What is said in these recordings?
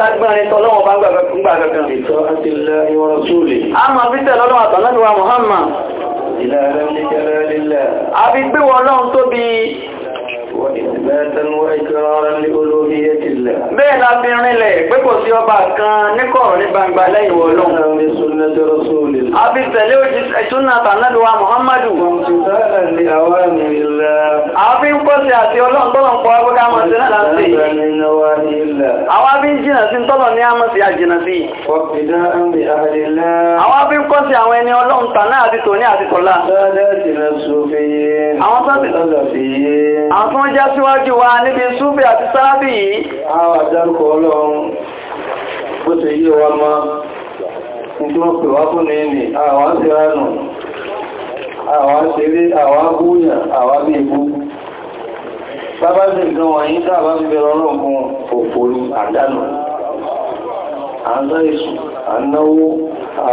lágbẹ́rin tọ́lọ́wọ́ bá gbàgbà kankan. Ìtọ́ àti ilẹ̀ ìwọ̀rọ̀ súlè. A máa fi tẹ̀lé ọlọ́wọ́ àtọ̀lọ́dúnwà Muhammad. Ìlàrẹ́ ní kẹrẹ́ lílẹ̀. A fi gbé wọn lọ́run tóbi Bẹ́ẹ̀ la fi rinlẹ̀ pé kò sí ọba kan ní kọ̀rọ̀ ní gbangba lẹ́yìn Ọlọ́run. A fi tẹ̀lé ìtúnà tànádùwà Muhammadu. A fi ń pọ́sí àti Ọlọ́run tọ́lọ̀ ń pọ́ agbẹ́ká mọ̀ sí náà láti. Àwọn bí wọ́n jẹ́ síwájú wa níbi súbì àti sáábì yìí àwọn àjárúkọ ọlọ́run bó ṣe yí wa ma ní tí wọ́n pè wá fún ní ní àwọn ṣe ránù àwọn ṣeré àwọn búyàn àwọn bí ibú bábá sí nǹkan wọ̀nyí dáàbá fi bẹ̀rẹ̀ ọlọ́run fún òfò ní àdánù ń sọ èṣù à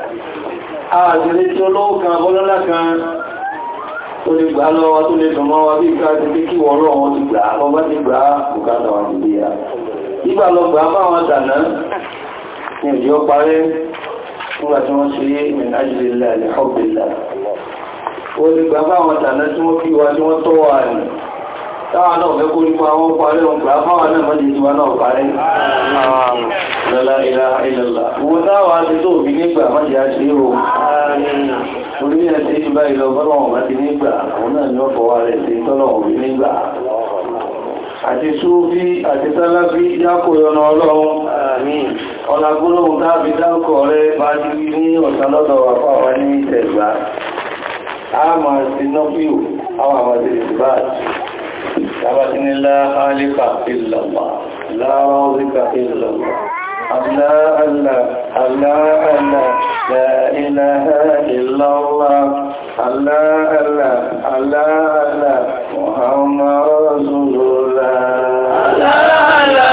ààrẹ tí olówó kan bọ́lọ́lá kan tó lè gbà lọ́wọ́ tó lè dùnmọ́ wa bí ká ti pé kí wọ́n rọ̀ wọn ti gbà lọ bá ti gbà bùkátà wọn ti gbé ya nígbà lọ gbà bá wọn dànà ní ìdí ó parẹ́ nígbà tí wọ́n ṣe ìrìn àjílélà táwa náà fẹ́ kó nípa wọn parẹ́ wọn pẹ̀lá fáwà náà mọ́ jẹ́ tiwa náà parẹ́ lọ́lá ilá ilẹ̀lá wo táwa ti tó bí nígbà má jẹ́ àṣẹ o orí ẹ̀sẹ̀ ìgbà ìlọ́gbọ́nà ọ̀bá ti nígbà àwọn náà ní ọ̀fọ̀ wa rẹ̀ sí tọ́lọ̀ òbí nígbà àti súfí àti sálábí dákò yọnà ọlọ́run ọ̀nà gbólóhùn tábí dákò rẹ̀ bá jí ní ọ̀sánlọ́dọ̀ àpá wà ní ìtẹ̀gbà a máa sí nọ́fíù àwọn àmàdìrì báyìí ثبت لا خالق إلا الله لا رازق إلا الله الله الله الله الله لا إله إلا الله الله الله الله الله محمد رسول الله الله الله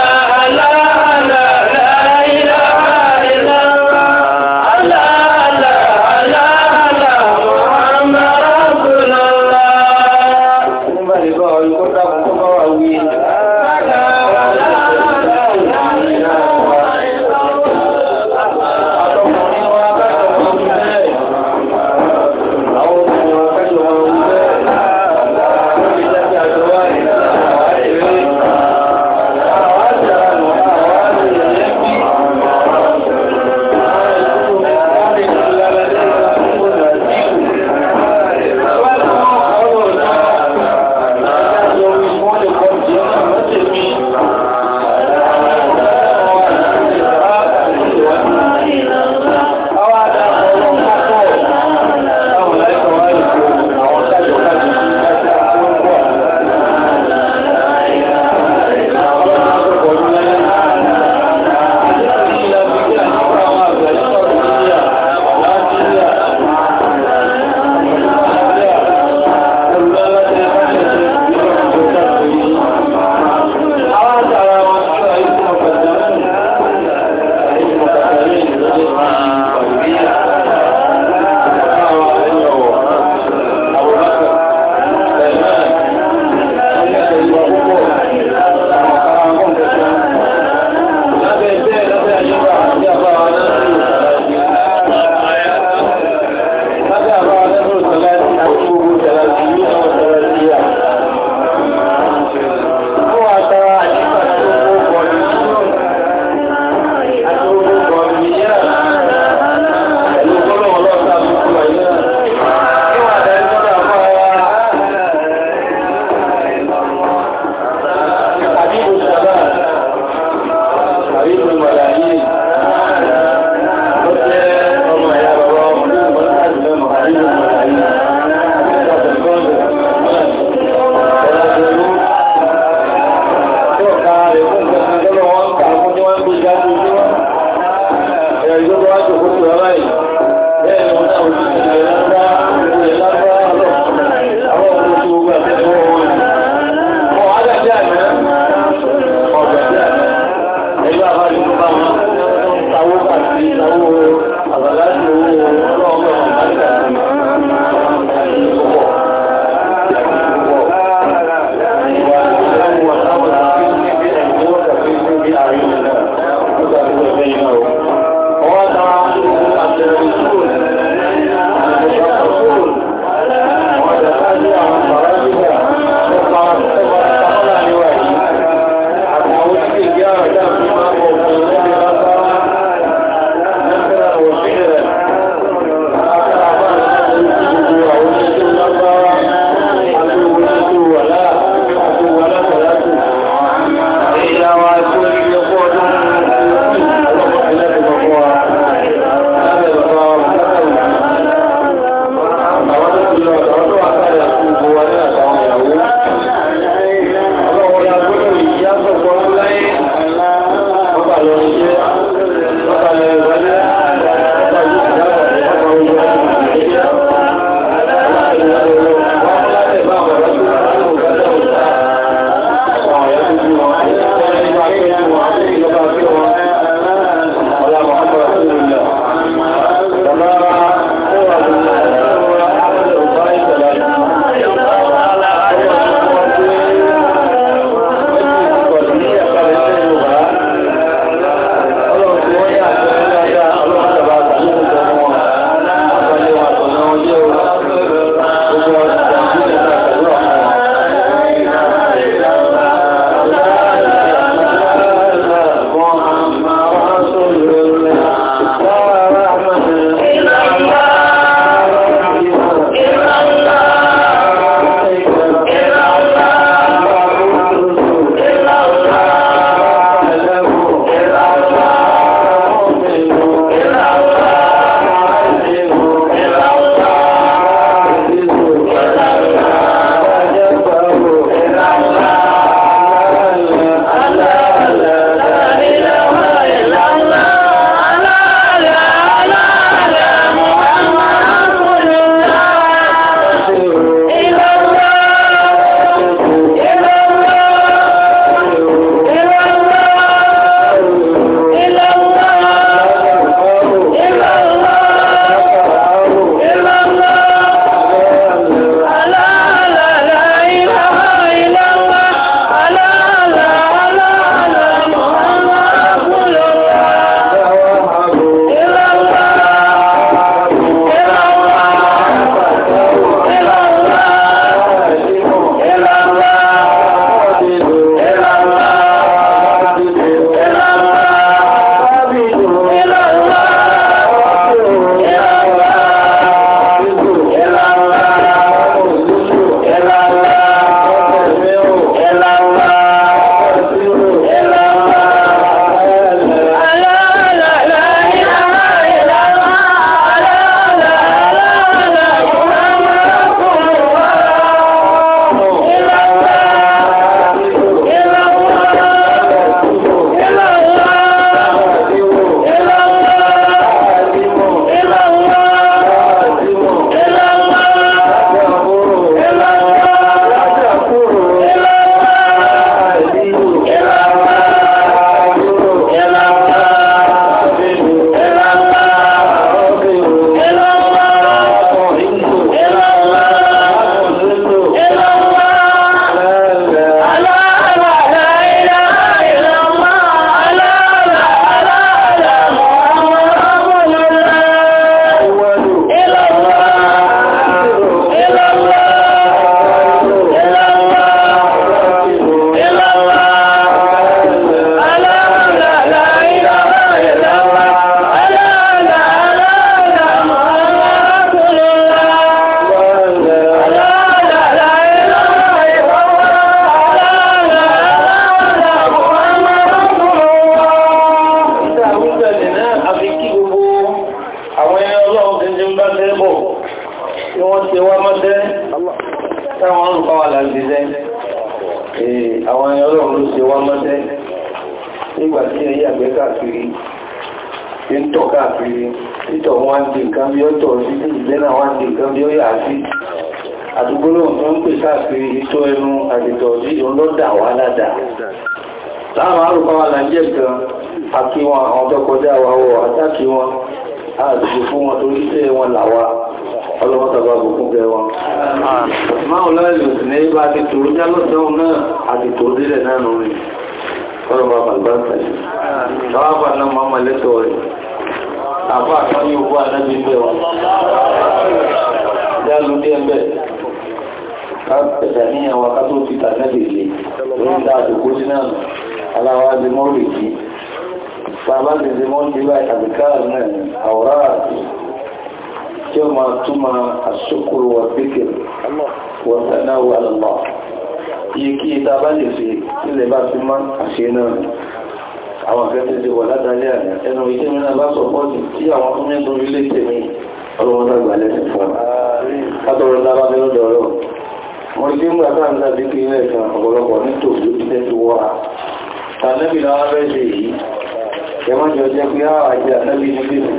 ẹmọ́jọ jẹ́ pé àwọn àjẹ́ àtàbí ní bèèrè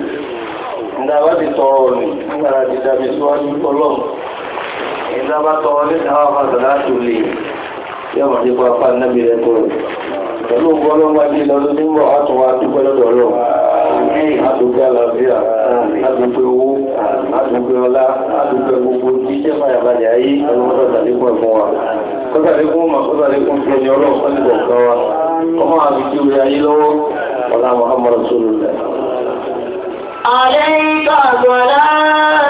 ìdá bá ti tọrọ ní nígbàrá ti dábí síwájú ọlọ́run ìdá bá tọrọ ní àwọn àbàdàlá tó lè yọ́mọ̀ nípa apá nábì rẹ̀ tọrọ pẹ̀lú ọgbọ́lọ́gbàdé lọ́dún tí ń bọ̀ àtúnwà dúpẹ́ lọ́dọ̀ ọlọ́run àdúgbẹ́ àlàáfíà àdúgbẹ́ owó àdúgbẹ́ ọlá àdúgbẹ́ gbogbo jíjẹ́ fàyàbalẹ̀ ayé ọlọ́dọ̀dàlékún ẹ̀fún wa kọ́sàlékún mà kọ́sàlékún fi ẹni ọlọ́run pẹ́lú ọ̀kan wa ọmọ àbíkí orí ayé lọ́wọ́ ولا محمد رسول الله عليك صلاة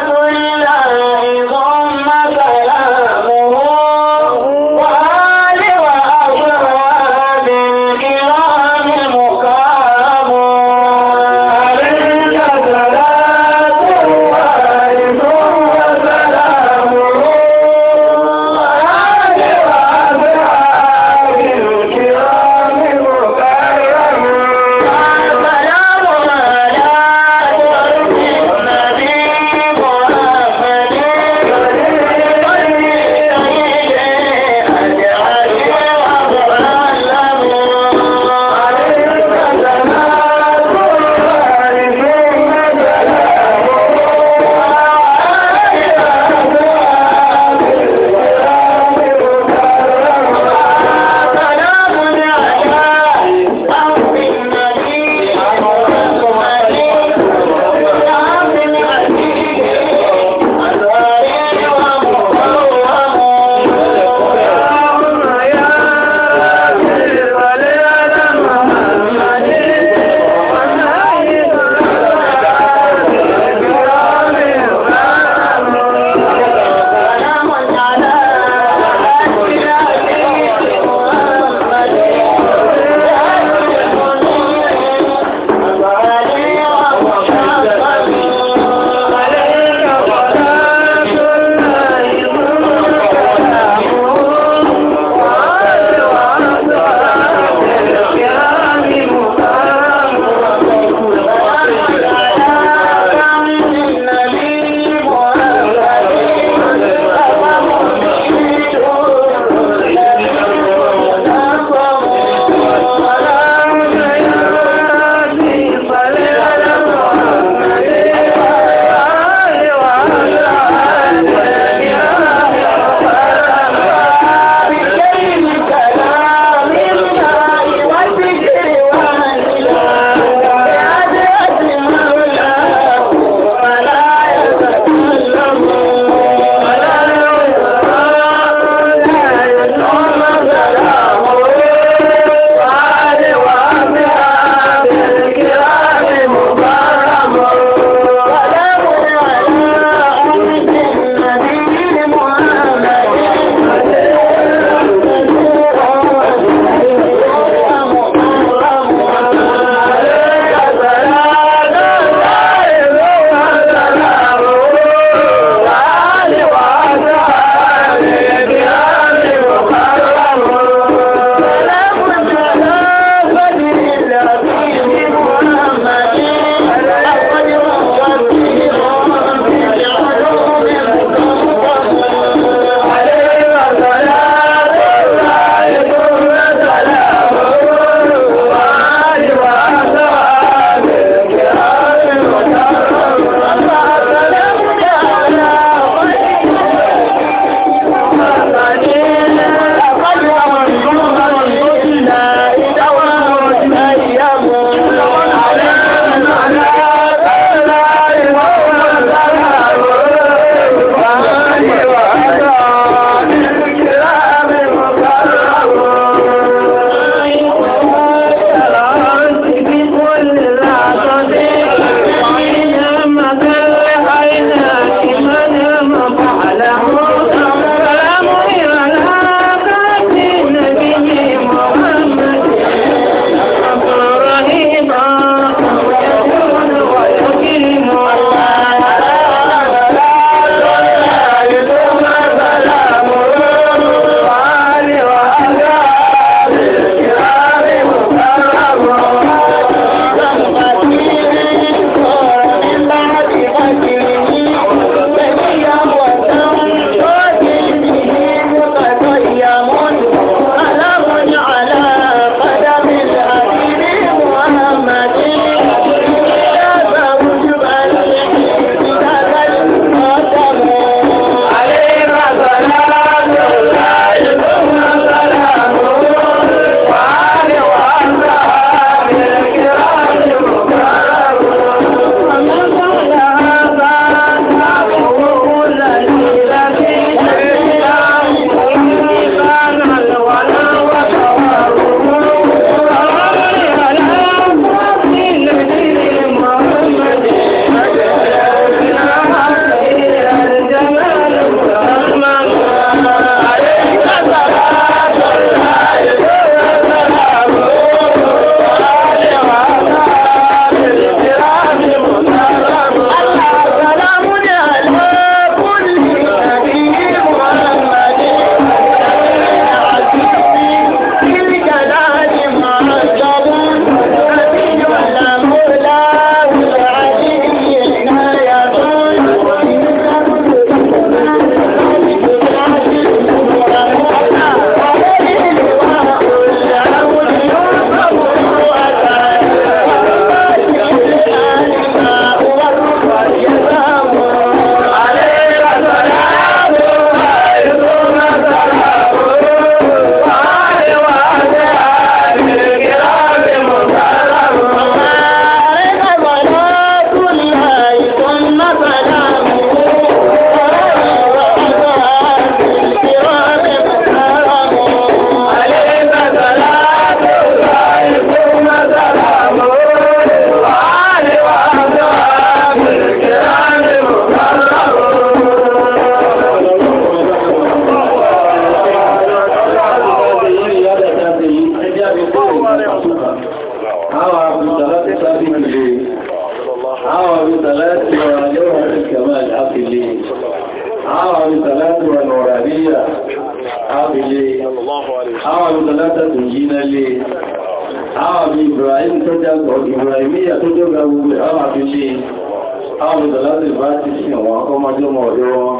àwọn ìdàlájì bá ti ṣe wọn ọmọdé ọmọ ọ̀dẹ́ wọn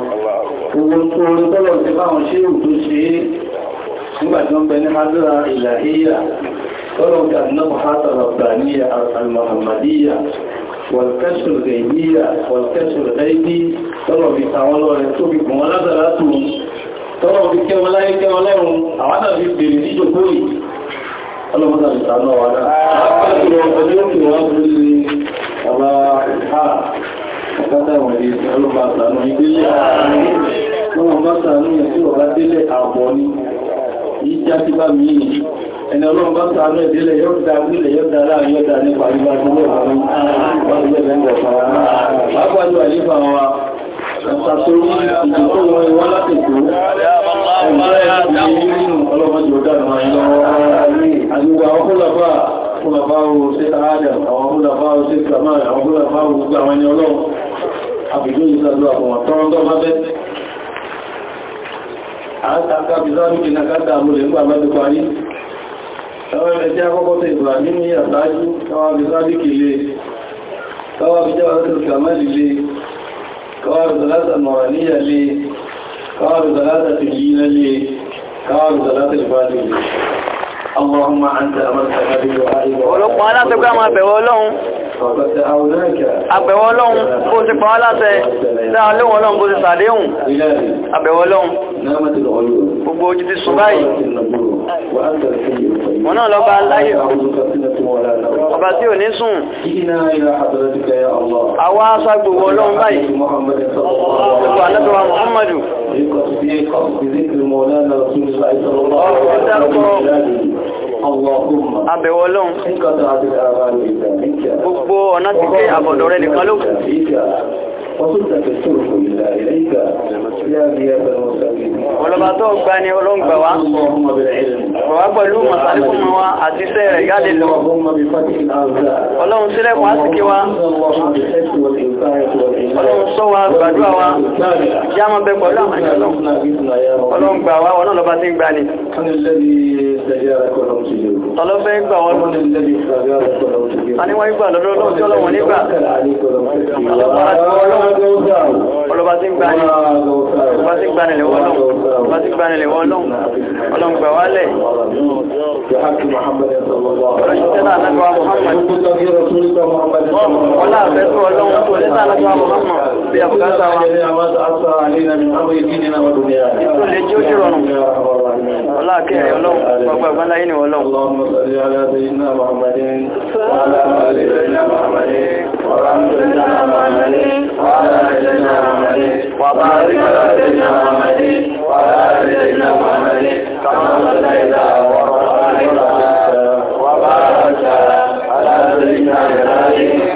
gbogbo tó orí tọ́lọ̀ ti báwọn ṣe ò tó ṣe nígbàtí wọ́n bẹ ní hadira ìlàhíyà tọ́lọ̀ ti àdínábù hátàrà ìbàníyà al-muhammadiyya wọ̀lkẹ́sùn gẹ̀yíyà wọ̀lkẹ́sùn ẹ̀ẹ́dí tọ́lọ̀ fi tàwọn lọ́rẹ̀ tó fi kùn wọn látàrà tó tọ́lọ̀ fi kẹ́ wọn láyé kẹ́ wọn lẹ́rùn àwọn àdàbí bèrè níjòkó yìí ọlọ́mọdàbí tàwọn wà náà bàbá ìhà ọ̀kátà ìwọ̀n ilé ọlọ́pàá àtànà ìgbélé àwọn bá sàánú ẹ̀ tí ọ̀rá délẹ̀ àbọ̀ ní ìjá tí bá mi ní ẹni ọlọ́run bá sàánú ẹ̀ délẹ̀ yóò dá nílẹ̀ yóò dá láàrin yóò dá nípa ìgbà tó lè wà ní wọ́n lè lẹ́gbẹ̀ẹ́ fara náà. àpájú àyíká wa ṣàtàtò ìdìbò wọn ìwọ́n láti tó ẹ̀yìn ọlọ́run jù ọ̀dà kúlọ̀báwò sẹ́ta ádà àwọn kúlọ̀báwò sẹ́ta máa àwọn kúlọ̀báwò gbogbo àwọn ẹni ọlọ́run àbìdó ìsàdó àwọn tọ́rọ́ntọ́ bá bẹ́ àtàkàbìzáàbìkì na káta àmúlẹ̀ ń gbà mẹ́tò parí ẹwọ́n ẹ̀rẹ̀ tí akọ́kọ́ tẹ ìgbà nínú àtàájú káwàbìzáàbìkì lè káwàbìjáwà اللهم أنت أمرتنا بدعائي ولقوا على سبقام أبوالهم أبوالهم قوس فعلاتي سألهم ولهم قوس سألهم أبوالهم نامت العيون وقوجت الصباي وأنت الحي wọn náà lọ bá aláyé ọba tí ò ní sùn àwọn aṣàgbòwò ọlọ́run báyìí gbogbo alẹ́bẹ̀wà muhammadu ọ̀rọ̀ dárúkọ abẹ̀wọ̀ ọlọ́run gbogbo ọ̀nà ti pé àbọ̀dọ̀ rẹ̀ nìkan ló Ọlọ́bà tó gba ni ọlọ́gbà wá, ọ̀wá pẹ̀lú mọ̀sálẹ́kùn wa àti iṣẹ́ rẹ̀ gáde lọ. Ọlọ́run sílẹ̀kùn á sì kí wa, ọlọ́run sọ wa gbàdúrà wa, já mọ́ bẹ pẹ̀lú àmàjọ́ lọ. Ọlọ́run gbà wá, ọlọ́run lọ́bà tí ń gbà ni ọlọ́fẹ́ gbà wọn lọ́dún ọlọ́ba tí ń gbani ọlọ́ba tí ń gbani lè wọ́n lọ́wọ́ ọlọ́ba tí ń gbani lè wọ́n lọ́wọ́ ọlọ́run gbà wálẹ̀ ọlọ́ṣẹ́lá anágbà Muhammad ọlá àfẹ́sọ́ ọlọ́run tó lẹ́sà anágbà Muhammad bí àbùkátà wa ìtò lè jí ó jì rọrùn ọlá àkẹ́rẹ́ ọlọ́run gbogbo àgbáńlá yìí ni wọ́n lọ́wọ́ وعلى آلنا محمد وعلى آلنا محمد محمد وبارك على سيدنا محمد وعلى ال سيدنا محمد كما صليت وبارك وبارك على سيدنا ابراهيم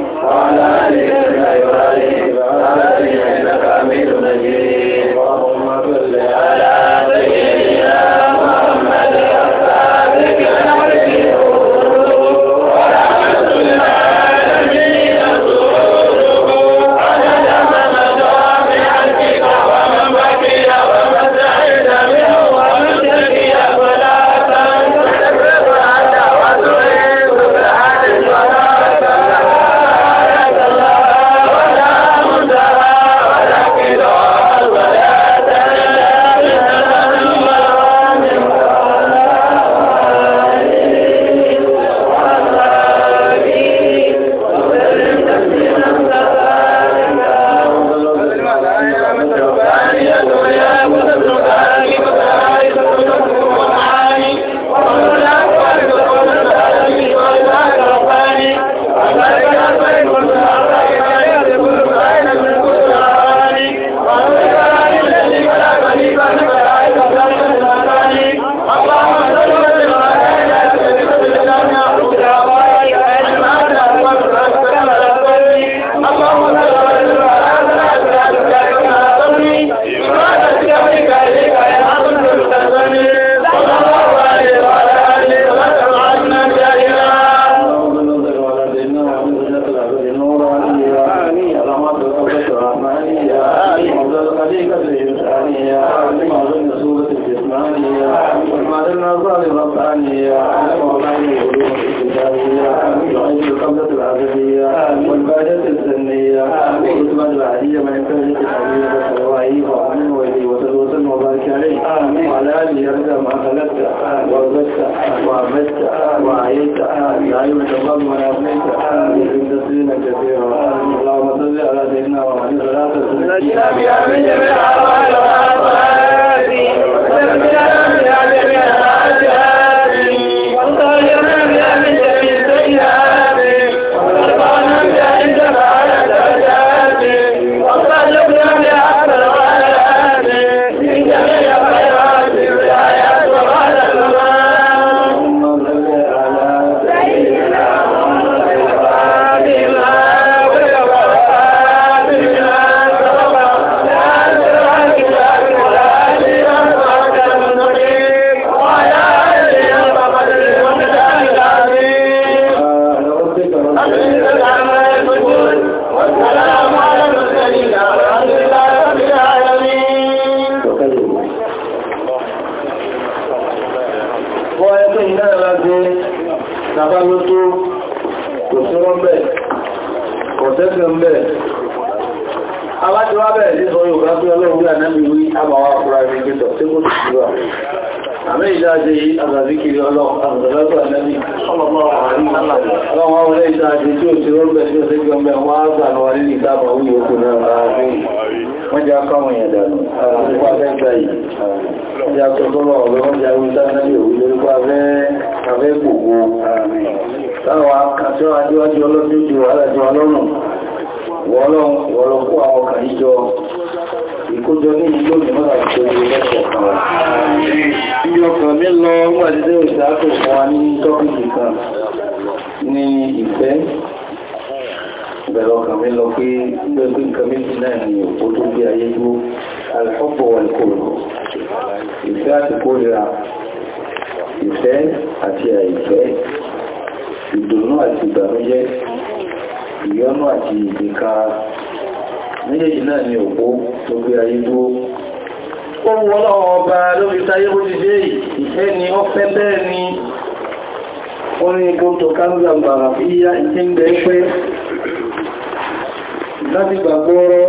lọ́wọ́ orí ìta àti tí ó ti rọ́gbẹ̀ tí ó sí gbọmọ ẹ̀wọ́n àgbà lọ rí ní ìdábà orí òkú náà láàárín wọ́n jẹ́ akọ́wọ̀n ìyàdànù àrùkú afẹ́gbà yìí wọ́n jẹ́ akọ́kọ́rọ̀ ọ̀rọ̀ wọ́n jẹ́ awúta náà yóò lórúkọ afẹ́ gbogbo táwọn akàṣọ́ adíwájú ọlọ́dún ju alájọ ọlọ́run wọ́lọ́kọ́ àwọn kàrí jọ ìkójọ ní ìlú kan ní ìfẹ́ bẹ̀rẹ̀ ọkàn mi lọ pé gbẹ́gbẹ́ nǹkan méjì náà ni òpó tó gbé ayé dúró alfọ́pọ̀ wà kòrò ìfẹ́ àti kórìíra ìfẹ́ àti àìfẹ́ ìdùnnú àti ìbànújẹ́ ìyọ́nú àti ìgbékara méjèèjì náà ni òpó tó gbé ayé dúró ó wọ́n lọ́wọ́ ọba lórí táyé bó ti dé ìfẹ́ ni ó fẹ́ bẹ́ẹ̀ ni wọ́n ní gbọ́ntọ̀ kánzàmbàrà fi yá ìtẹ́gbẹ̀ pẹ́ láti gbàgbọ́rọ́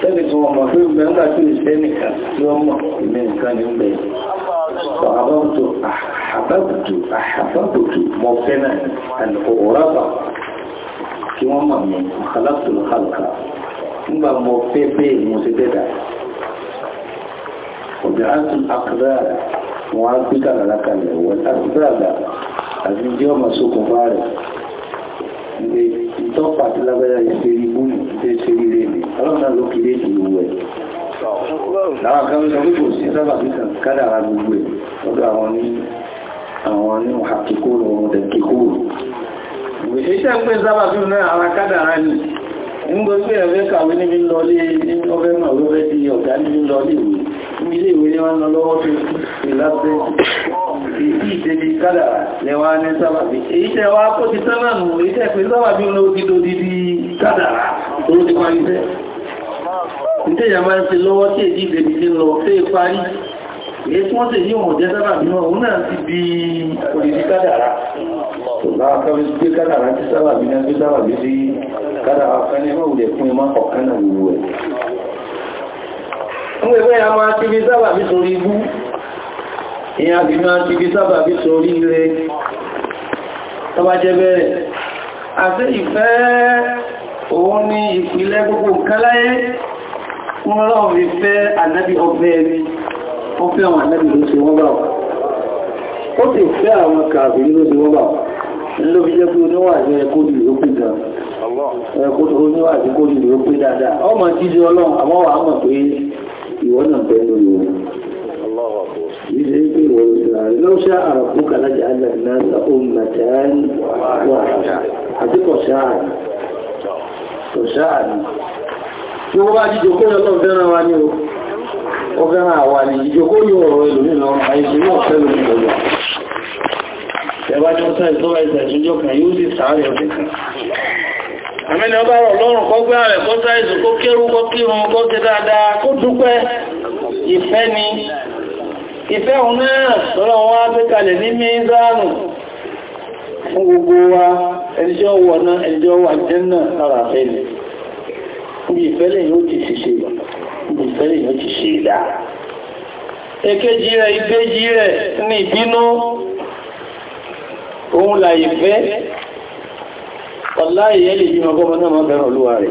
tẹ́lẹ̀ kan ọmọ tó gbẹ̀ ń gbàtí ìsẹ́nìkà tí ó mọ̀ ìmẹ́ǹkà ní gbẹ̀ àbábùtò àbábùtò àbábùtò mọ̀ fẹ́nà àlùkòrọ́bà kí wọ́n mọ̀ mí kàlàtò kàlùkà nígbà mọ̀ fẹ́ pé mo ti dẹ́dà ọ̀dẹ̀ àtún àkàdára wọn á gbé kàlàlákàlẹ̀ wọ́n àkàdára àti jẹ́ ọmọ sókùnfà rẹ̀ ilé ìtọ́pà tí lágbàáyà ìṣẹ́rí múlù tí ó ṣe ríre ní ọlọ́nà ló kìí lè dìí wẹ̀ láwọn kan sọ pé kò sí sábà bí kan kádà ara gbogbo ẹ̀ lọ́dọ̀ àwọn ní àwọn ní àkíkòrò ọmọ dẹ̀kíkòrò ìgbésẹ̀ pé sábà bí náà ara kádà ara ní nígbà pé ẹ̀fẹ́ kàwé níbi ń lọlé ní ọfẹ́ màá ló fẹ́ di ọ̀gá níbi ń lọlé ìwé níbi ilé ìwé ni wọ́n lọ lọ́wọ́ tó sí ìdèdè kádà lẹ́wà ní sábàbí èyí tẹ́ wá kó ti tán náà nù èyí tẹ́ pé sábàbí ló ti do dídí kádà tó ti parí tẹ́ nítorí àmà ń ṣe lọ́wọ́ tí èyí ìdèdè ti lọ fẹ́ parí èyí tí wọ́n tẹ̀ yí òun jẹ́ sábàbí náà òun náà ti bí òdìdí kádàrá ṣùgbọ́n akọ́rin gbé kádàrá ti sábàbí náà gbé sábàbí sí kádàrá fẹ́ni mọ́wùlẹ̀ fún ẹmọ́ kọ̀ọ̀kan ìyá bí máa ti bí sábà bí sórí ire tọba jẹ bẹ́ẹ̀ àti ìfẹ́ òun ni ìpìlẹ̀ gbogbo káláyé fún ọlọ́run fi fẹ́ ànábì ọfẹ́ ẹni ó fẹ́ àwọn ànábì ló ṣe wọ́n bá wà ó sì fẹ́ àwọn kààbì ló ṣe wọ́n bá wà ló fi jẹ́ pé oníwà jẹ́ ẹkó ní ìlú pín gan ẹkó oníwà jẹ́ kó ní ìlú pín dáadáa ọmọ jíjẹ ọlọ́run àmọ́ wà á mọ̀ pé ìwọ náà bẹ́ẹ̀ lórí wọn لو شاء ربك لجعل الناس أمتان واحدة àti kọ̀ṣáà ni tí ó bá jíjòkó yọ tó fẹ́ràn wa ní o fẹ́ràn àwa ni ìjòkó yọ ọ̀rọ̀ ìlúmí lọ àìsí náà fẹ́rù ní ọjọ́ ẹ̀bá jọ sáà ìtọ́wà ìsàjíjọ́ kan yóò sì sàárẹ̀ ọ̀fẹ́ kan àmẹ́ni ọba rọ̀ lọ́rùn kọ́ gbá rẹ̀ kọ́ sáìsù kó kérú kọ́ kírun kọ́ ti dáadáa kó dúpẹ́ ìfẹ́ ni ìfẹ́ òun náà lọ́nà wọ́n á gbé kalẹ̀ ní mẹ́zánù fún gbogbo wa ẹnjẹ́ wọ̀ náà ẹnjẹ́ wà jẹ́nà lára fẹ́lẹ̀ bí ìfẹ́lẹ̀ yóò ti ṣiṣẹ́ bí ìfẹ́lẹ̀ yóò ti ṣe ìdá èkejì rẹ̀ ìbejì rẹ̀ ní ìbínú òun là ìfẹ́ ọ̀lá ìyẹ́lì bí ọgọ́mọ náà mọ́ bẹ̀rẹ̀ olúwa rẹ̀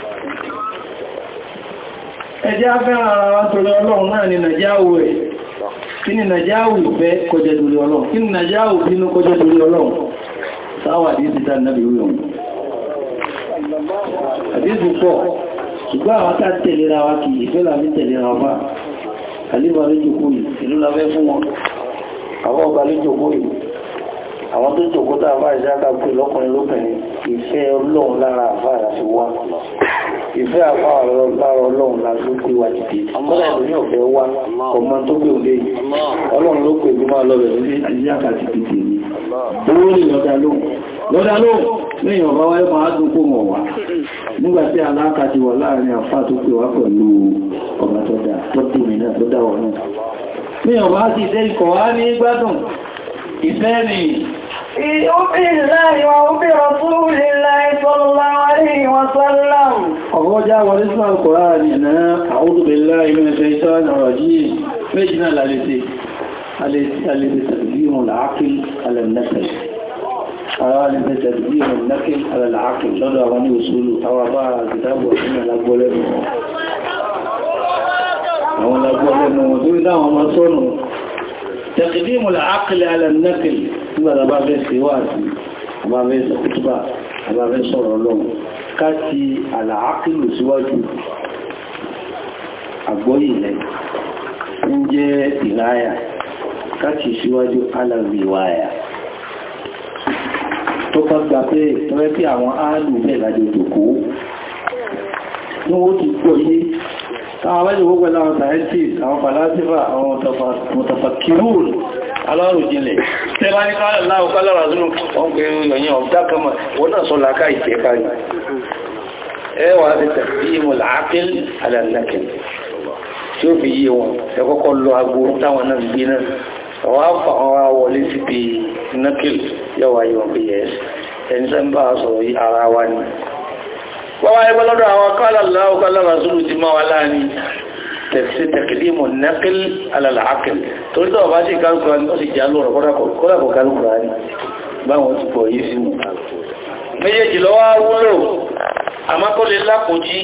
ẹjẹ́ afẹ́ràn ara wa torí ọlọ́run náà ni nàjáwò rẹ̀ kí ni nàjáwò ìfẹ́ kọjẹ torí ọlọ́run kí ni nàjáwò bínú kọjẹ torí ọlọ́run sáwà àdíjì tá nàbí orí ọ̀hún àdíjì pọ̀ ṣùgbọ́n àwọn tá tẹ̀lera wa kì í fẹ́ láti tẹ̀lera wa bá àlébà ló jòkó yìí ìlú la fẹ́ fún wọn àwọn ọba ló jòkó yìí àwọn tó jòkó tá àbá ìṣáka pé lọ́kùnrin lóbìnrin ìfẹ́ ọlọ́run lára àbá àti wá ìfẹ́ àpáwà lọ gbára ọlọ́run lásán pé wà dìde ọmọdé ẹ̀rọ ní ọ̀fẹ́ wá ọmọ tó gbé òde yìí ọlọ́run ló pè ní máa lọ bẹ̀rẹ̀ ní àyíká ti dìde ní owó ní lọ́dá lóhùn lọ́dá lóhùn ní ìyọ̀bá wáyé máa dùn kó mọ̀ wá Ọgọ́já wọlé sínú àkọ̀rá nìna àwọ́dù bèlá ilé ẹ̀ṣẹ́ ìṣẹ́ ọ̀rọ̀ yìí méjì náà lálẹ́sẹ̀. Alẹ́sẹ̀ tàbíhùn l'áàkìl alẹ́nẹ́kẹ̀. Ara alẹ́sẹ̀ tàbíhùn l'áàkìl alẹ́láàkìl lọ́dọ̀ àwọn ní òṣèlú àwọn bá àgbẹ̀dábọ̀ sínú alágbọ́lẹ́nu. Àwọn alágbọ́lẹ́nu تقديم العقل على النقل ماذا بابي سواسي بابي سكتبا بابي صور الله كاتي العقل سواجه agbóyì ilẹ̀ ń jẹ́ ìláyà káàkì síwájú alàgbìwáyà tó kọ́ gbà pé tọ́rẹ́ pé àwọn áàlù bẹ̀rẹ̀ àjò tòkó ní ó ti gbọ́ ilé sáwọn bá jẹ́ gbogbo àwọn scientist àwọn falasifa àwọn mutafakirun alárùjinlẹ̀ tí bá ní káàlá láwọ́ kálára zúnú ọgbẹ̀rún yọ̀nyìn ọ̀dákama wọ́n náà sọ làákà ìtẹ́ká ní ẹwà ti tàbíyìmọ̀ làákìl alàlákìl tí ó fi yí wọn ẹkọ́kọ́ lọ agbó táwọn náà gbé náà ọwá fà ọwá wọlé sí pé nákìl yọ́wà yọ̀ pé wọ́n wáyé bọ́ lọ́dọ̀ àwọn kọ́lá lọ́wọ́ kọ́lá rasúlù ti máa wà láàrin tẹ̀sí tẹ̀kìdímù nẹ́kìl alàlàákìl torí tọ́wọ́ bá sì kálùkù rání ó sì já lọ́rọ̀ kọ́lákọ̀ kálùkù rání báwọn sí mú méjèèjì lọ́wọ́ wúlò àmákọ́lé lákòójí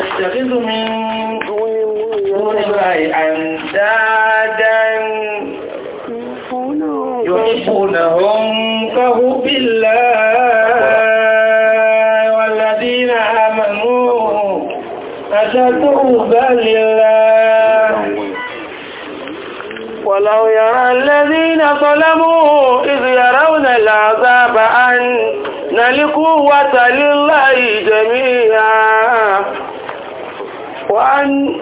sálẹ̀ أندادا يحبونهم كحب الله والذين آمنوا أشد حبا لله ولو يرى الذين ظلموا إذ يرون العذاب أن القوة لله جميعا وأن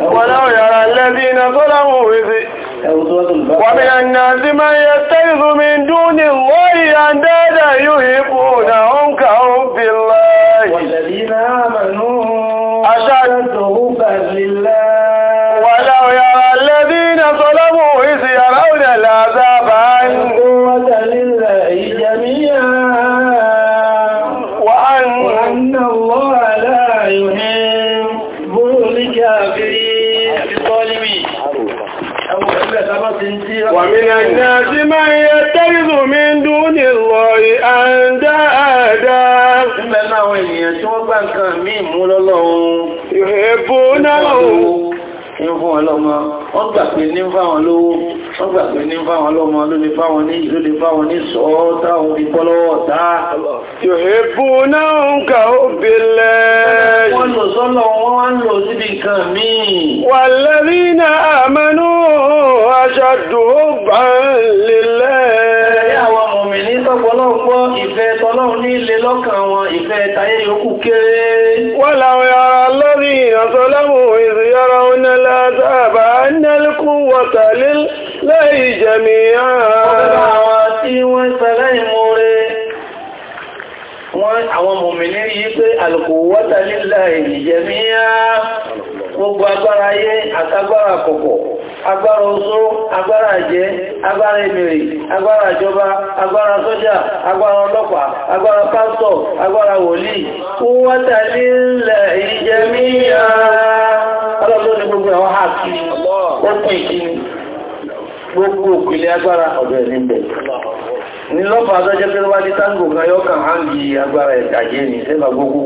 ولو يرى الذين ظلموا ومن الناس من يتخذ من دون الله أندادا يحبونهم كحب الله والذين آمنوا أشد حبا لله mú lọ́lọ́run ìhẹ́bó náà ń fún wọ́n gbà pé ní fáwọn lówó wọ́n gbà pé ní fáwọn lọ́mọ ló fáwọn ní ìlú lè fáwọn ní sọ́ọ́ táwọn fi bọ́ lọ́wọ́ ó bèèlẹ̀ wọ́n lò sọ́lọ́ wọ́n lò síbi nǹkan míì wà lẹ́rí náà àmẹ́nú aṣàdùn bá lè lẹ́ẹ̀ gbọ́lọ́run gbọ́ ìfẹ́ tọ́lọ́run ní ilé lọ́kàn wọn ìfẹ́ tayé yòókù kéré. wọ́n làwọn yàrá lórí ìrànṣọ́ lọ́wọ́ ìrìyọ́rọ̀ onílẹ̀ àtàbà nẹ́lẹ́kùn wọ̀tàlélẹ́yìn jẹ̀míyàn. ọ̀gá àwọn mòmìnir yìí pé alquwwata lillahi jami'a gbogbo agbára ayé àtagbára kọ̀kọ̀ agbára oṣó agbára agbara agbára agbara agbára ìjọba agbára sójà agbára ọlọ́pàá agbára pásítọ̀ agbára wòlíì gbogbo àwọn gbogbo agbára ọ̀dọ̀ ẹ̀ ní lọ́pàá àtọ́jẹ́ pé wá ní tágbò kan yóò kàn án di agbára ìtàjẹ́ ní sẹ́bà gbogbo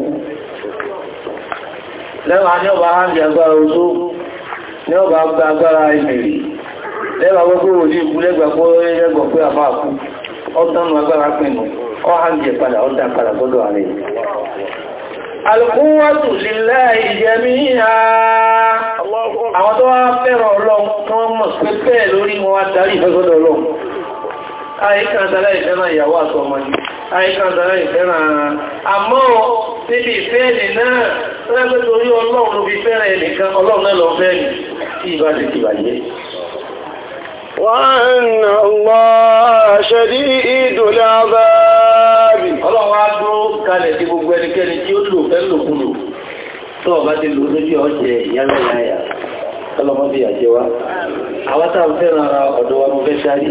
lẹ́wà ní ọba án di agbára oṣó ní ọba agbára lẹ́wà gbogbo òní ikú lẹ́gbàgbọ́ Àwọn tó wá fẹ́ràn ọlọ́run tó mọ̀ pé lórí wọn wá darí ọlọ́run. àìkàndàlá ìfẹ́ràn ìyàwó àtọmọ ni àìkàndàlá ìfẹ́ràn àmọ́ níbi ìfẹ́ẹ̀lì náà rẹ́gbẹ́ torí ọlọ́run bí fẹ́rẹ̀ ẹnìkan ọlọ́run náà lọ fẹ́ ni tí ìbá ti ti bàjẹ́ wọ́n Allah ọlọ́run wá dúró kalẹ̀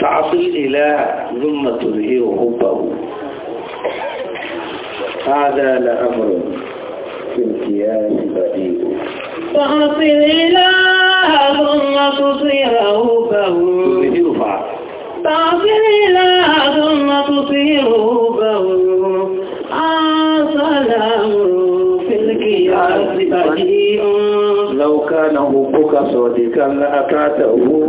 تعصي الإله ثم تظهر حبه هذا لأمر في امتياز بديع تعصي الإله ثم تظهر حبه تعصي الإله ثم تظهر حبه سلام في الكياس بديع لو كان حبك صادقا لأتاته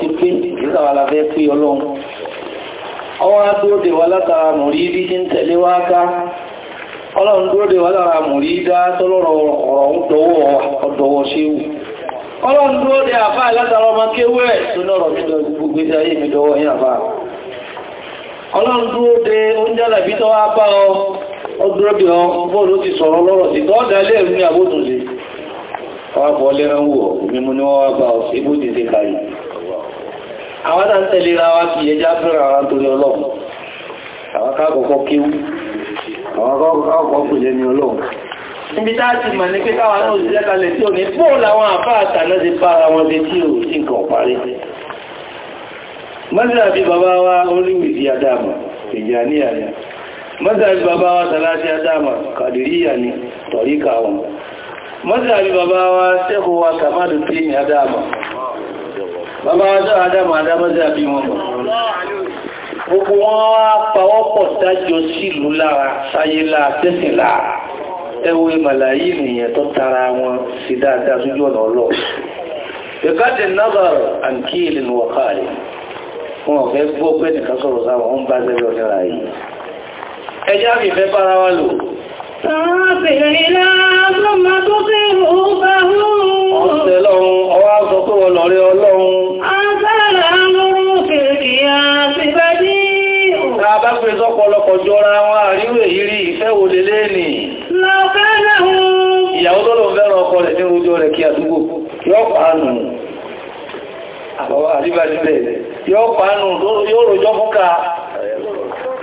ti pé ìrìnàwà aláfẹ́ pé ọlọ́run ọwọ́n dóde wà látara mọ̀rí bí ti ń tẹ̀lé wá ká ọlọ́run dóde wà látara mọ̀rí dá tọ́lọ́rọ̀ ọ̀rọ̀ ń dọwọ́ ọ̀dọ̀wọ́ ṣéwù ọlọ́run dóde àfáà látara ọmọ kéwẹ́ tó nọ́rọ̀ mi lọ gbogbo ìgbésí ayé mi dọwọ́ yín àfáà de oúnjẹ àbí tó wá bá ọ ọdúróbì ọ bóòlù ti sọ̀rọ̀ lọ́rọ̀ sí tó ọ̀dá ilé ẹ̀rù ní àbótùnlé ọwá àwọn náà tẹ̀lera wá kí ẹjá fẹ́ra wa torí ọlọ́run àwọn káàkọ̀ọ́kọ́ kéwú àwọn káàkọ̀ọ́kọ́ lẹ́ni ọlọ́run níbi tá ti mọ̀ ní pé káwà náà òṣìṣẹ́ kalẹ̀ tí ò ní pọ́ láwọn àbá àtàná ti bá ara wọn dé tí ò sí nǹkan parí mọ́sílàbí bàbá wa oríwìsí adáàmà ìjàníyà ni mọ́sílàbí bàbá wa sàlásí adáàmà kàdìríyà ni tọ̀ríkà wọn mọ́sílàbí bàbá wa sẹ́kọ̀ọ́ wa kàmádù tí ní adáàmà bàbá ọjọ́ àdámà àdámọ́sí àbí wọn bọ̀. gbogbo wọn wá pawọ́pọ̀ dájọ sílùú lára sáyé láà tẹ́sìn láà ẹwọ ìmàlàyé ènìyàn tó tara wọn sí dáadáa sójú ọ̀nà ọlọ́ ìkájẹ̀ nábàrọ̀ àǹkí ìlú wọ̀káàlì wọn ò fẹ́ gbọ́ pé nìkan sọ̀rọ̀ sáwọn ń Sọ́ọ́bì ilá lọ́mọ tó sí ìhúbà hùn. Ọ̀sẹ̀ lọ́run, ọwá sọ pé wọ́n lọ́rẹ́ ọlọ́run. Àtàrà lọ́rún kìrì àti bẹ́dí. Ta bá pè sọ́pọ̀lọpọ̀ jọra wọn àríwò èyí rí ìfẹ́ wò lélé nì. Lọ́kẹ́lẹ̀ hùn. Ìyàwó tó lọ fẹ́ràn ọkọ rẹ̀ ní ojú rẹ̀ kí àdúgbò. Yọ́ pàánù. Àwọn àríbájú rẹ̀. Yọ́ pàánù yóò rojọ́ fúnka.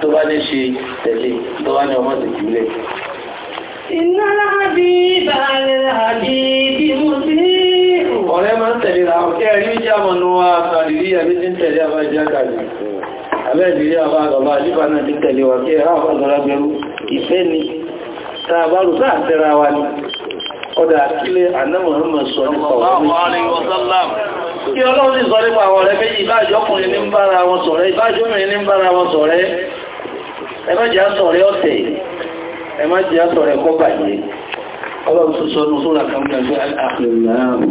tó bá ní ṣe tẹ̀lé tó bá ní ọmọ sì jùlẹ̀. iná lábí bàálẹ̀ àbí bí mo sí ọ̀rẹ́ máa ń tẹ̀lé ra ọ̀kẹ́ rí jámọ̀ ní wa àdìrí àbí tí ń tẹ̀lé àbájá kàlì abẹ́ẹ̀dìrí àbágọ̀bá àdífà náà ti kí ọlọ́run sì sọ nípa àwọn ọ̀rẹ́ méjì ìbájọ́ ní ń bára wọn ṣọ̀rẹ́ ìbájọ́ ní ń bára wọn ṣọ̀rẹ́ ẹ má jẹ́ àsọ̀rẹ́ ọ̀tẹ̀ ẹ má jẹ́ àsọ̀rẹ́ kọ́bàjẹ́ ọlọ́run tó sọ nùsọ́ làkàmùnàgbé al-akhillahu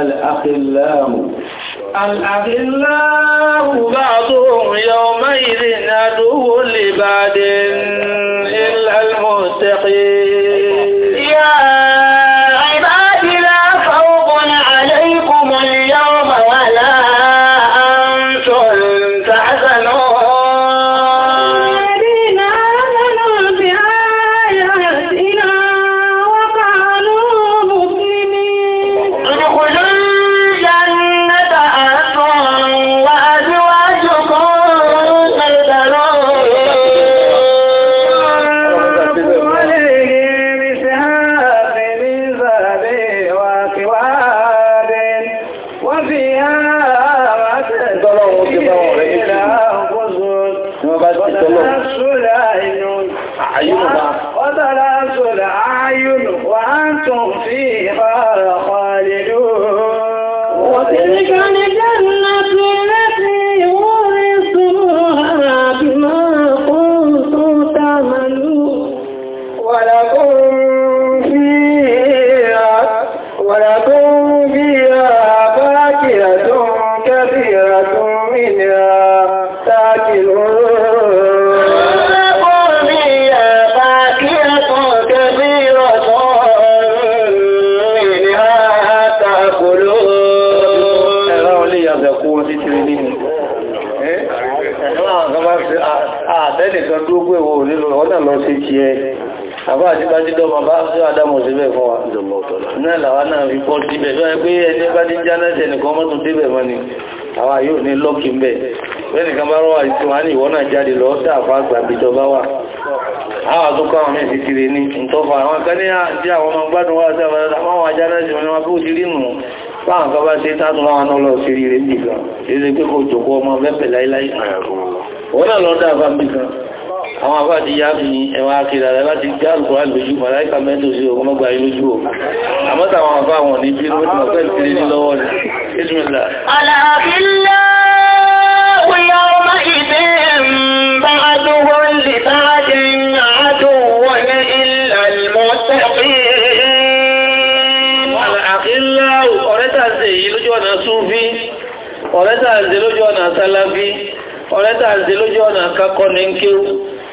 al-akhillahu al-akhillahu ba'duhum yawma sí àdámọ̀ síbẹ̀ fún wa náà làwa náà fi pọ́ síbẹ̀ tó ẹ pé ẹni bá ní jánẹ́sẹ̀ nìkan mọ́tún débẹ̀ mọ́ ni àwa yóò ní lọ́kì ń bẹ̀ lẹ́nìkan bá rọ́wà tí wọ́n ní ìwọ náà jáde lọ dáàfà gbàgbé jọba wà àwọn àtúkọ́ àwọn mẹ́sì kiri ní ìtọ́fà àwọn kan ní àti àwọn ọmọ gbádùn wá sí àwọn ajánẹ́sì wọn ni wọ́n bí ó ti rí nù báwọn kan bá ṣe tátún láwọn náà lọ sí àwọn àbá ti yá mi ẹwà kìlà rẹ̀ láti gbá àlùkùrá lójú màláìkà mẹ́tò sí ogun mọ́gbà ilójú o àmọ́ta àwọn àbá wọn ní bí lóòtù ọ̀rẹ́ta ṣe lójú ọ̀nà sálábí ọ̀rẹ́ta ṣe lójú ọ̀nà kakọ́ ní kéwú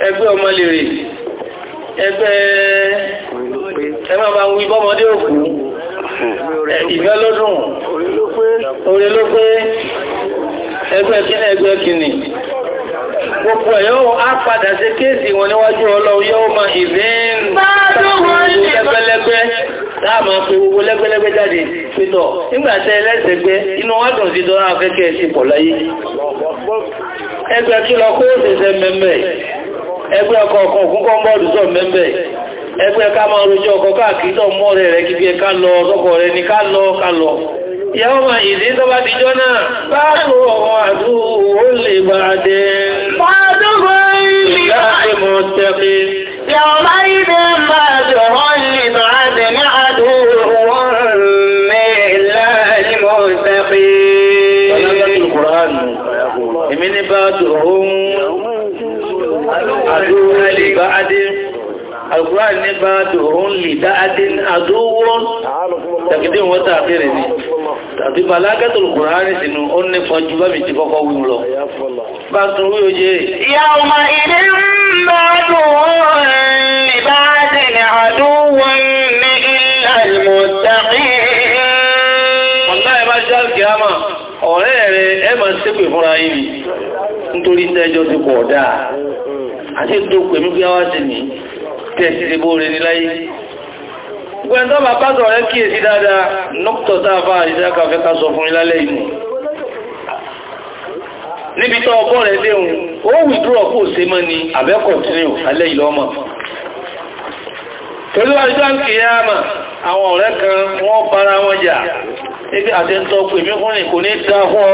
ẹgbẹ́ ọmọ lèrè ẹgbẹ́ ẹmọ́ bá ń wí bọ́mọdé òkú ìfẹ́ lọ́dún orí ló pé ẹgbẹ́ kíní ẹgbẹ́ kíní gbogbo ẹ̀ yóò á padà sí kéèsì wọn níwájú ọlọ́run yóò máa ìbín lẹ́gbẹ́lẹ́gbẹ́ láàmà pé gbogbo lẹ́gbẹ́lẹ́gbẹ́ jáde pétọ̀ nígbàtẹ́ ẹlẹ́sẹ̀gbẹ́ inú wọ́n dùn sí dọ́rà afẹ́kẹ́ sí ẹgbẹ́ kí lọ ẹgbẹ́ ọkọ̀ ọkọ̀ òkúnkọ́ mọ́ọ̀lù sọ mẹ́mẹ́ ẹgbẹ́ ká máa rojú ọkọ̀ káàkiri tọ́ mọ́ rẹ̀ rẹ̀ kí bí ẹka lọ ọkọ̀ rẹ̀ ní ká lọ ká lọ ma tó bá àdúwò lè bá adé alkùnrin ní bá dùn lè dá adé àdúwò tàbí wọ́n tàbí rẹ̀ ní tàbí balágẹ́tùl kùnrin sínú ó ní fọjú bá mi ti kọ́kọ́ wù lọ ọ̀rẹ́ rẹ̀ ẹ ṣépè fúnra yìí nítorí àti tó pèmí pé wá sí ní tẹ̀sí ti bóore ní láyé gbẹ̀ntọ́ bàbá tọ̀ rẹ̀ kí èsì dáadáa nọ́pútọ̀ sáàfà ìdáka fẹ́ ká sọ fún ilálẹ̀ ìmú níbi tọ́ ọkọ́ rẹ̀ léhun ó wìdúrọ̀ kó se mọ́ ni àbẹ́kọ̀ tí ní alẹ́ ìlọ́mọ̀ pẹ̀lú àjọ́ ń kìí àmà àwọn ọ̀rẹ́ kan wọ́n bára wọn jà níbi àtẹ́ntọ́ pèmí fún ní kò ní dá fún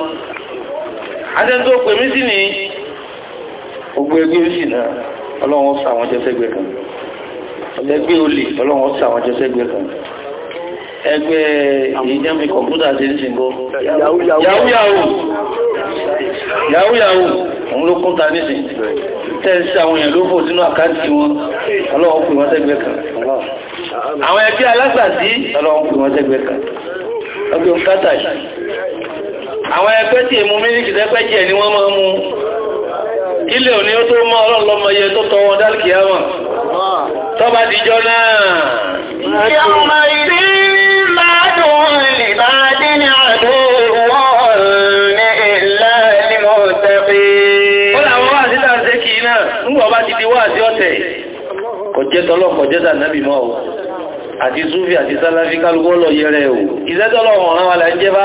ọ adẹ́ntó pè mí sí ní gbogbo ẹgbẹ́ ó sì náà ọlọ́run sọ àwọn jẹ́sẹ́gbẹ́ kan ẹgbẹ́ olè ọlọ́run sọ àwọn jẹ́sẹ́gbẹ́ kan ẹgbẹ́ ìjẹ́mi kọ̀mpútà sí ní ṣìngọ́ yahoo yahoo òun ló kúnta nísìn tẹ́ẹ̀sí àwọn èèyàn ló fò sínú àkáǹtì wọn ọlọ́run pè wọ́n sẹ́gbẹ́ kan àwọn ẹgbẹ́ alásàtí ọlọ́run pè wọ́n sẹ́gbẹ́ kan ọgbẹ́ òkátà àwọn ẹgbẹ́ tí èmú mílíkì tẹ́pẹ́ jẹ́ ni wọ́n máa mú kílẹ̀ òní ó tó mọ́ ọlọ́lọ́mọ iye tó tọ́ wọn dálkì àmà tọ́bá dìjọ́ náà yọ́mọ ìdí ládùn ìbádí ni àdó kọjẹ́ tọ́lọ́ kọjẹ́ tàbí mọ́ o àti súfì àti sálàfí kálùkọ́ lọ yẹrẹ o ìzẹ́tọ́lọ́ ọ̀rán wà láìjẹ́ bá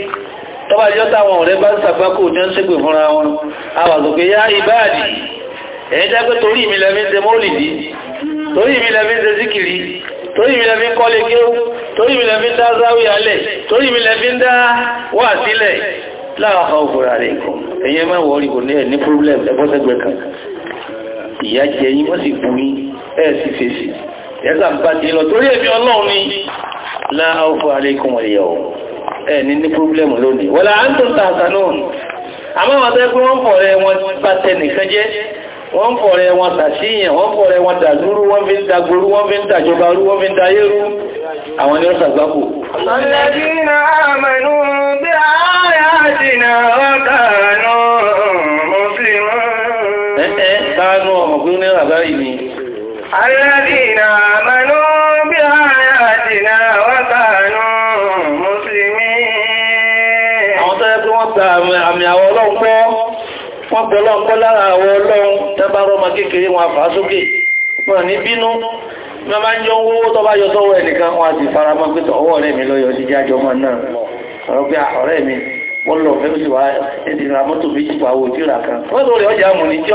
bá jọ́ táwọn ọ̀rẹ́ bá sàgbákò ní ọ́sẹ́gbè fúnra wọn àwàzòkè yá ìbáàdì ẹ̀yìn jágbé torí ìmìlẹ̀ mi ń ṣe mọ́lìdí torí ìmìlẹ̀ mi ń ṣe síkìrí torí ìmìlẹ̀ mi ń kọ́lé gé torí ìmìlẹ̀ mi ń dá záwí alẹ̀ torí ìmìlẹ̀ mi ń dá wà sílẹ̀ láwọn ọkọ̀ òfúra rẹ̀ kọ̀ ẹ̀yẹ máa wọ́rí kò ní ẹ̀ ní problem lẹ́gbọ́sẹ̀gbẹ̀ kan ìyá jẹ lọ torí èmi ọlọ́run ni láwọn ọkọ̀ àlékún ẹ̀ ní ní púrúblẹ̀mù lónìí wọ́n là ń tó tààtà náà àmọ́ wọn tẹ́ pé wọ́n fọ̀rẹ́ wọn bá tẹnìkan jẹ́ wọ́n fọ̀rẹ́ wọn tàṣíyàn wọ́n fọ̀rẹ́ wọn dàdúrú wọ́n fi ń dagorú wọ́n fi ń dàjọba rú wọ́n fi ń dayérú àwọn ni ó sàgbákò Alladina amanu àmì àwọ ọlọ́run pọ́ wọ́n pọ̀ ọlọ́run lára àwọ ọlọ́run tẹ́bárọ́ ma kékeré wọn fà sókè ní bínú ma máa ń yọ owó tó bá ẹnìkan wọn àti fara mọ́ pé ọwọ́ ọ̀rẹ́ mi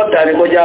náà lọ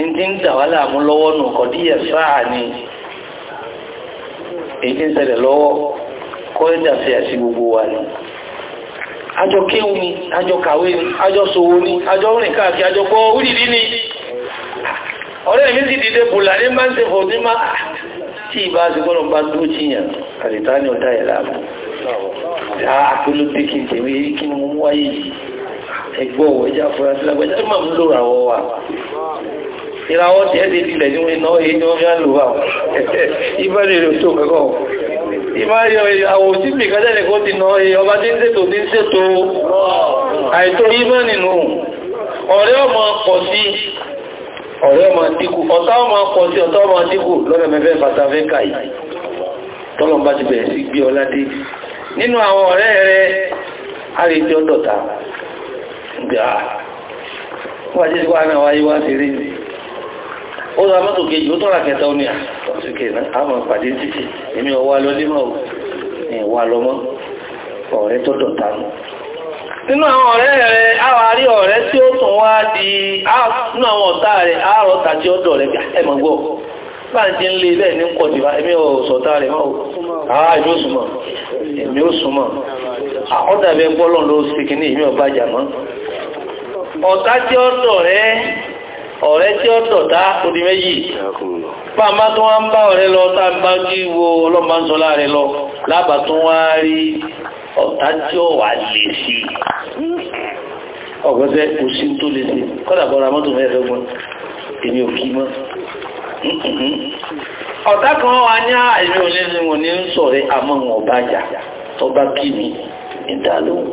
ìdí ń dàwà láàmú lọ́wọ́ nù kọ̀díyà sáà ni èyí ń ṣẹlẹ̀ lọ́wọ́ kọ́lẹ́dà fi àti gbogbo wa ni àjọ kéwù ni àjọ kàwé ni àjọ sòwò ni àjọ rìn káàkiri àjọ gbọ́ orílẹ̀ ni ọ̀rẹ́ mi ti dìde bùlà ní máa ń ṣe fò ní máa tí ìbá ti gbọ́nà bá dúró tíyàn àrìtá ní ọ̀dá ìlàmù àpolóté kí n tèmi èyí kí ni mo wáyé ẹgbọ́ ọ̀wọ́ ẹjá fúra sí lágbẹ́já ìràwọ̀ tí ẹ́ ti tilẹ̀ ní wọ́n náà èyí wọ́n fẹ́ lò wà ìbẹ̀rẹ̀ rẹ̀ tó kẹ́kọ́ ìbẹ̀rẹ̀ àwọ̀ tí pìkẹ́lẹ̀ kó ti náà èyí ọba tí ń ṣètò tí ń ṣètò àìtó ìmọ̀nìnú ọ̀rẹ́ ọmọ pọ̀ sí ọ̀rẹ́ ọmọ dínkù ọ̀tá ọmọ pọ̀ sí ọ̀tá ọmọ dínkù lọ́nà mẹ́fẹ́ fàtàfẹ́ kàì tọ́lọ̀mbá ti bẹ̀rẹ̀ sí gbé ọládé nínú àwọn ọ̀rẹ́ rẹ̀ àrètí ọdọ̀ta gbà wájí wá náà wáyé wá sí rí ó ra mọ́tò kejì ó tọ́ra kẹta ó ní àtọ́síkè náà àmọ́ pàdé títì èmi ọwá lọ límọ̀ ìwà lọmọ́ ọ̀rẹ́ tó dọ̀ta mọ́ nínú àwọn ọ̀rẹ́ rẹ̀ àwárí ọ̀rẹ́ tí ó tún wá di nínú àwọn ọ̀tá rẹ̀ àárọ̀ta tí ó dọ̀ rẹ̀ ẹ̀mọ̀ gbọ́ láti ń lè ilẹ̀ ní kọ̀dìbá èmi ò sọ̀tá rẹ̀ máa àá èmi ò súnmọ̀ èmi ò súnmọ̀ àkọ́dàbẹ̀ gbọ́lọ́ ló sì kìíní èmi ò bàjà mọ́ ọ̀tá tí ó dọ̀ rẹ̀ ọ̀rẹ́ tí ó tọ̀tá odi méjì pàmbá tó wá ń bá ọ̀rẹ́ lọ tá ń bá jí wo ọlọ́mà ń sọ láàrin lọ lábà tó wá rí ọ̀tá tí ó wà lè sí ọ̀gọ́sẹ́ kò sí tó lè sí kọ́dà bọ́ra mọ́tò mẹ́ẹ̀ẹ́dọ́gbọ́n èmi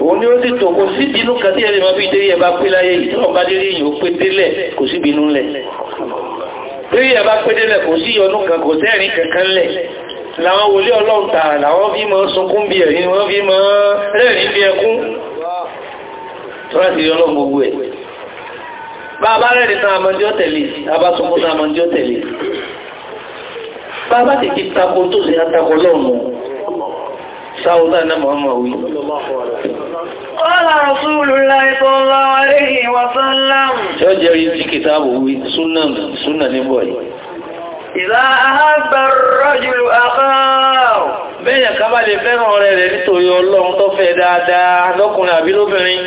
òun ni ó sì tò kò sí bínú kan tí ẹ̀rẹ̀ máa bí dérí ẹ̀bá pé láyé ìtọ́nà bá dérí èyàn ó pé délẹ̀ kò sí bínú lẹ̀ dérí ẹ̀bá pé délẹ̀ kò sí ọdún kan kò sẹ́rin kankan lẹ̀ làwọn wòlé ọlọ́run tààrà làwọn fi máa sunkún bí ẹ̀rín wọ́n fi máa rẹ́rìn bí ẹkún tọ́láti ọlọ́run gbogbo ẹ̀ bá a bá rẹ́rìn tán àmọ́dí ó tẹ̀lé abá sunkún tán àmọ́dí ó tẹ̀lé bá a bá tó sì á tako sáwọ́dá náà mọ̀ọ́mọ̀ wí. Qala Rasulullahi sallallahu alayhi wa sallam. Ṣọ́ jẹ́rí tí kìtàbù wí súnà níbọ̀ yìí. Idha ahabba ar-rajulu akhaahu. Bẹ́yàn ká bá lè fẹ́ràn rẹ̀ rẹ̀ nítorí Ọlọ́run tó fẹ́ dáadáa lọ́kùnrin àbí lóbìnrin.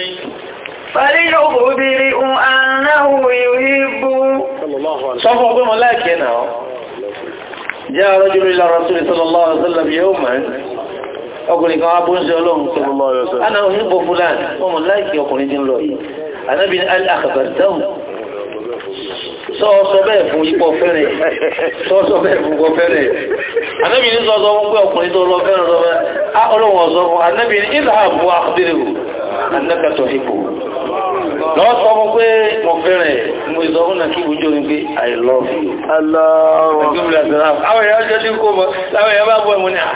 Falyukhbirhu annahu yuhibbuhu. Sọ́fọ́ ọgbẹ́ mọ́ láìkẹ́ náà. Ja'a rajulun ila Rasuli sallallahu alayhi wa sallam yawman ọkùnrin kan wá bó ń ṣe ọlọ́run tó ana òyìn bò fúlàní ọmọ láìsí ọkùnrin tí ń lọ yìí anábì ní alàkàbàdáhùn sọ́ọ̀sọ́ bẹ́ẹ̀ fún ipò fẹ́rẹ̀ sọ́ọ̀sọ́ bẹ́ẹ̀ fún ipò fẹ́rẹ̀ anábì ní sọ́ọ̀sọ́ fún pé ọkùnrin tó lọ fẹ́ràn ah, lọ ọlọ́run ọ̀sọ́ fún anábì ní ìlàbù àkùdérèwò anákàtọ̀ ipò lọ́wọ́ sọ fún pé mo fẹ́rẹ̀ mo ìsọ fún nàkí ìwújọ́ ní i love you. aláwọ̀ ẹgbẹ́ mi làtàrà àwọn èèyàn jẹ́ dínkù mọ́ láwọn èèyàn bọ́ ẹ̀mọ́ ní ah,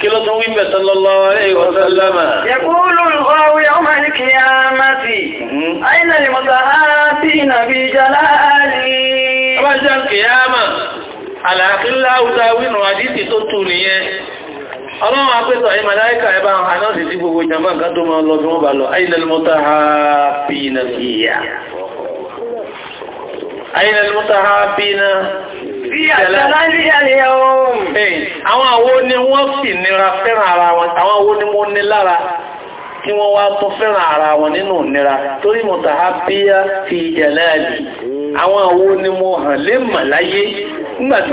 kí ló tún wí bẹ̀ sallallahu alaihi wa sallama. yaqulu al-ghawi yawm al-qiyamati hmm. ayna al-mutahatina bi jalali. ọbájá kìyàmà àlàáfíńlá àwùjáwínú àdìsí tó tù nìyẹn ọlọ́run apẹ́tọ̀ ẹ màláíkà tó máa lọ bí wọ́n Àwọn àwọn ni wọ́n sì nira fẹ́ràn ara wọn, àwọn àwo ni ní lára tí wọ́n wá tún fẹ́ràn ara wọn nínú nira torí mo tàá bíyá fi jẹ̀lẹ́ẹ̀lì. Àwọn àwọn ni mo hàn lé mọ̀ láyé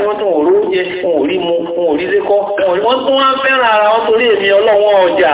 wọ́n tún òró jẹ fún orí mu fún ara wọn torí èmi ọjà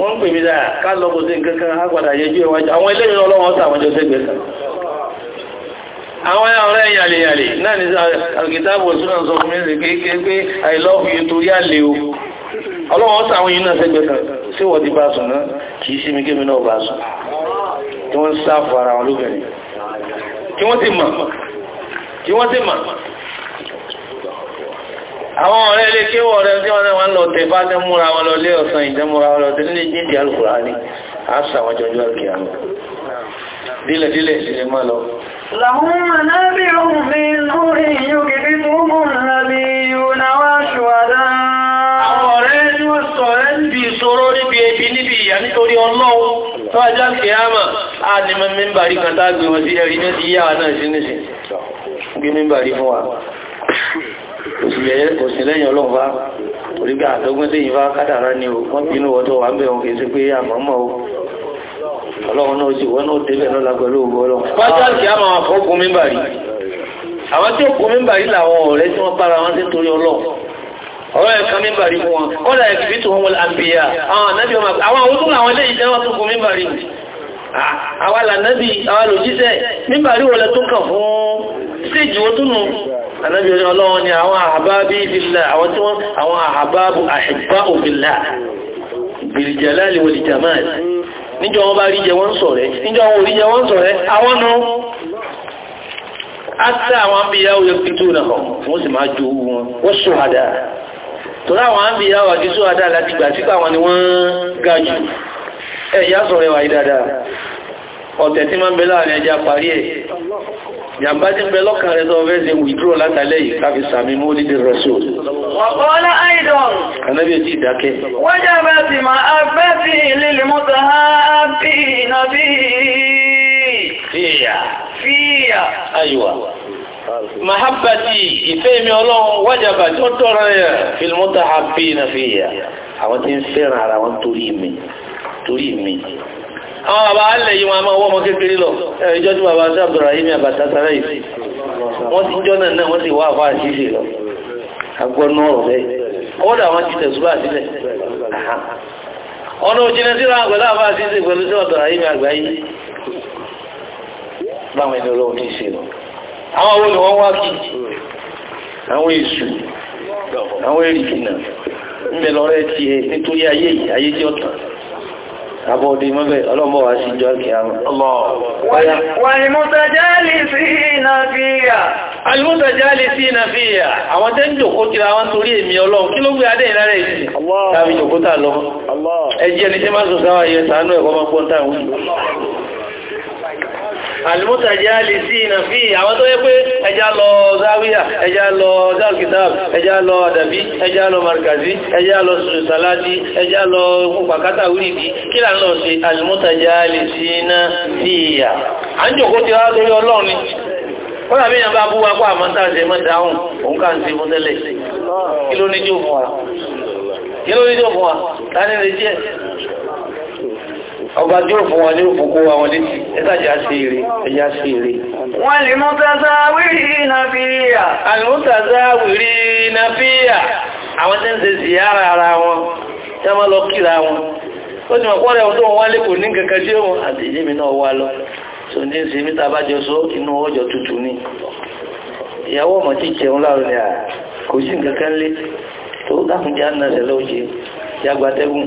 wọ́n pè mí dáa ká lọ́gbò sí kankan àgbàdà yẹjú ẹwàjú àwọn eléyìn ọlọ́wọ́n sàwọn jọ sí gbẹ̀sà àwọn ọ̀rẹ́ yàlẹ̀yàlẹ̀ náà ní alkitabu súnà sọ fún mẹ́sì pé i love you torí àlè o àwọn ọ̀rẹ́ ilé kí wọ́n rẹ̀ tí wọ́n náà wọ́n lọ tẹ̀ bá tẹ́ múra wọn lọ lé ọ̀sán ìjẹ́ múra wọn lọ tẹ́ nílé jíndì alùkùrá ní àṣà wọn jọjú alùkìyàmù dílẹ̀ dílẹ̀ sílẹ̀ máa lọ tó ajá kìíyàmà a ní mẹ́mbàrí kan tá gbé wọn sí ẹ̀rí ní ti yáwa náà sí nìsìn gbé mẹ́mbàrí fún wa kò sí lẹ́yìn ọlọ́run bá orígbà àtọ́gbọ́n tí yìí bá kádàrá ni o wọ́n bínú ọjọ́ wà ń bẹ̀rún kìí sí pé àmọ́mọ́ o ọlọ́run náà sì wọ́n náà débẹ̀ náà lágbẹ̀lú ògbó ọlọ́run pàtàkì àmọ́ àfọ́kùn mímbàrí àwọn tí ó kún mímbàrí làwọn ọ̀rẹ́ tí wọ́n bára wọn sí torí ọlọ́run ọ̀rọ̀ ẹ̀kan mímbàrí fún wọn kọ́lá ẹ̀kìbí tó wọn àbíyà àwọn ànábì ọmọ àwọn àwọn tó làwọn ilé ìjẹ́ anábìrin ọlọ́wọ́ ni àwọn àhàbábí ìbílẹ̀ àwọn tí wọ́n àwọn àhàbábù àṣìbá òbílà bìrìjẹ̀lá ìwòlì jamal níjọ wọn bá ríjẹ wọ́n sọ̀rẹ́ níjọ wọn oríjẹ wọ́n sọ̀rẹ́ àwọn nù átà àwọn àbíyá oyè pító nà hàn wọ́n sì máa ọ̀tẹ̀ tí máa ń bẹ láàrin ẹja parí ẹ̀ yàmbá ti pẹ lọ́kàn rẹ̀ tó fẹ́ ṣe wìdúrò látàlẹ́ yìí káfí sàmì mú lídí rọ́ṣò wọ̀kọ́lá àìdàn anábí ti dákẹ́ wọ́jà bá ti ma afẹ́ sí lílì mọ́ta ha bí nàbí fíyà fíyà ayíwá mahabbati ìfẹ́ mi ọlọ́run wọ́jà bá tó tọrọ yẹ fílmọ́ta ha bí àwọn bàbá alẹ̀ yìí wọn a máa wọ́n ọmọ kékeré lọ ìjọ tí bàbá sí Abdulrahim àbàtà sára yìí wọ́n ti jọ náà wọ́n ti wá àfá àṣíṣe lọ agbọ́nú ọ̀rọ̀ rẹ̀ ọwọ́dà wọn ti tẹ̀sùbà sílẹ̀ ọ̀nà òjìnà síra pẹ̀lú àfá àṣíṣe pẹ̀lú sí Abdulrahim àgbáyé báwọn ẹni ọlọ́run ní ìṣe lọ àwọn owó ni wọ́n wá kí àwọn èṣù àwọn èrìkìnà ń bẹ lọ́rẹ́ tiẹ̀ nítorí ayé yìí ayé tí ọ̀tàn àbọ̀dé mọ́bẹ̀ ọlọ́mọ wà sí ìjọ kìí àmà. Àlúmọ́tàjálì sí ìnàfíyà, àwọn tẹ́ ń jòkó kìí àwọn torí èmi ọlọ́run, kí ló gbé adé ìrẹ́rẹ́ ìsìn? Tàbí jòkó tà lọ. Ẹjẹ́ ni ṣe máa sọ sáwà al-mutajalisina fi àwọn tó yẹ pé ẹja lọ záwíyà ẹja lọ zalkitab ẹja lọ àdàbí ẹja lọ markazi ẹja lọ sùsàládi ẹja lọ pàkátà wíìdì kí là ń lọ sí al-mutajalisina fi ìyà à ń jòkó ti wá lórí ọlọ́run ni ó rà míyàn bá búwa kó àmọ́ mọ́ ọba tí ó fún wọn ní òfòkó àwọn létí ẹ́sàjá sí eré ẹjá sí wọ́n lè mú tàzá wírí na na fíyà àwọn tí ń ṣe ziyara ara wọn tí a máa lọ kíra wọn ó ti mọ̀ rẹ̀ tó wọ́n lẹ́kọ̀ọ́ ní kankan tí wọn àti ìyẹ́mi náà wá lọ tó ní ṣe mítà bá só inú ọjọ́ ni ìyàwó ọmọ tí jẹun láàrin à kò sí lé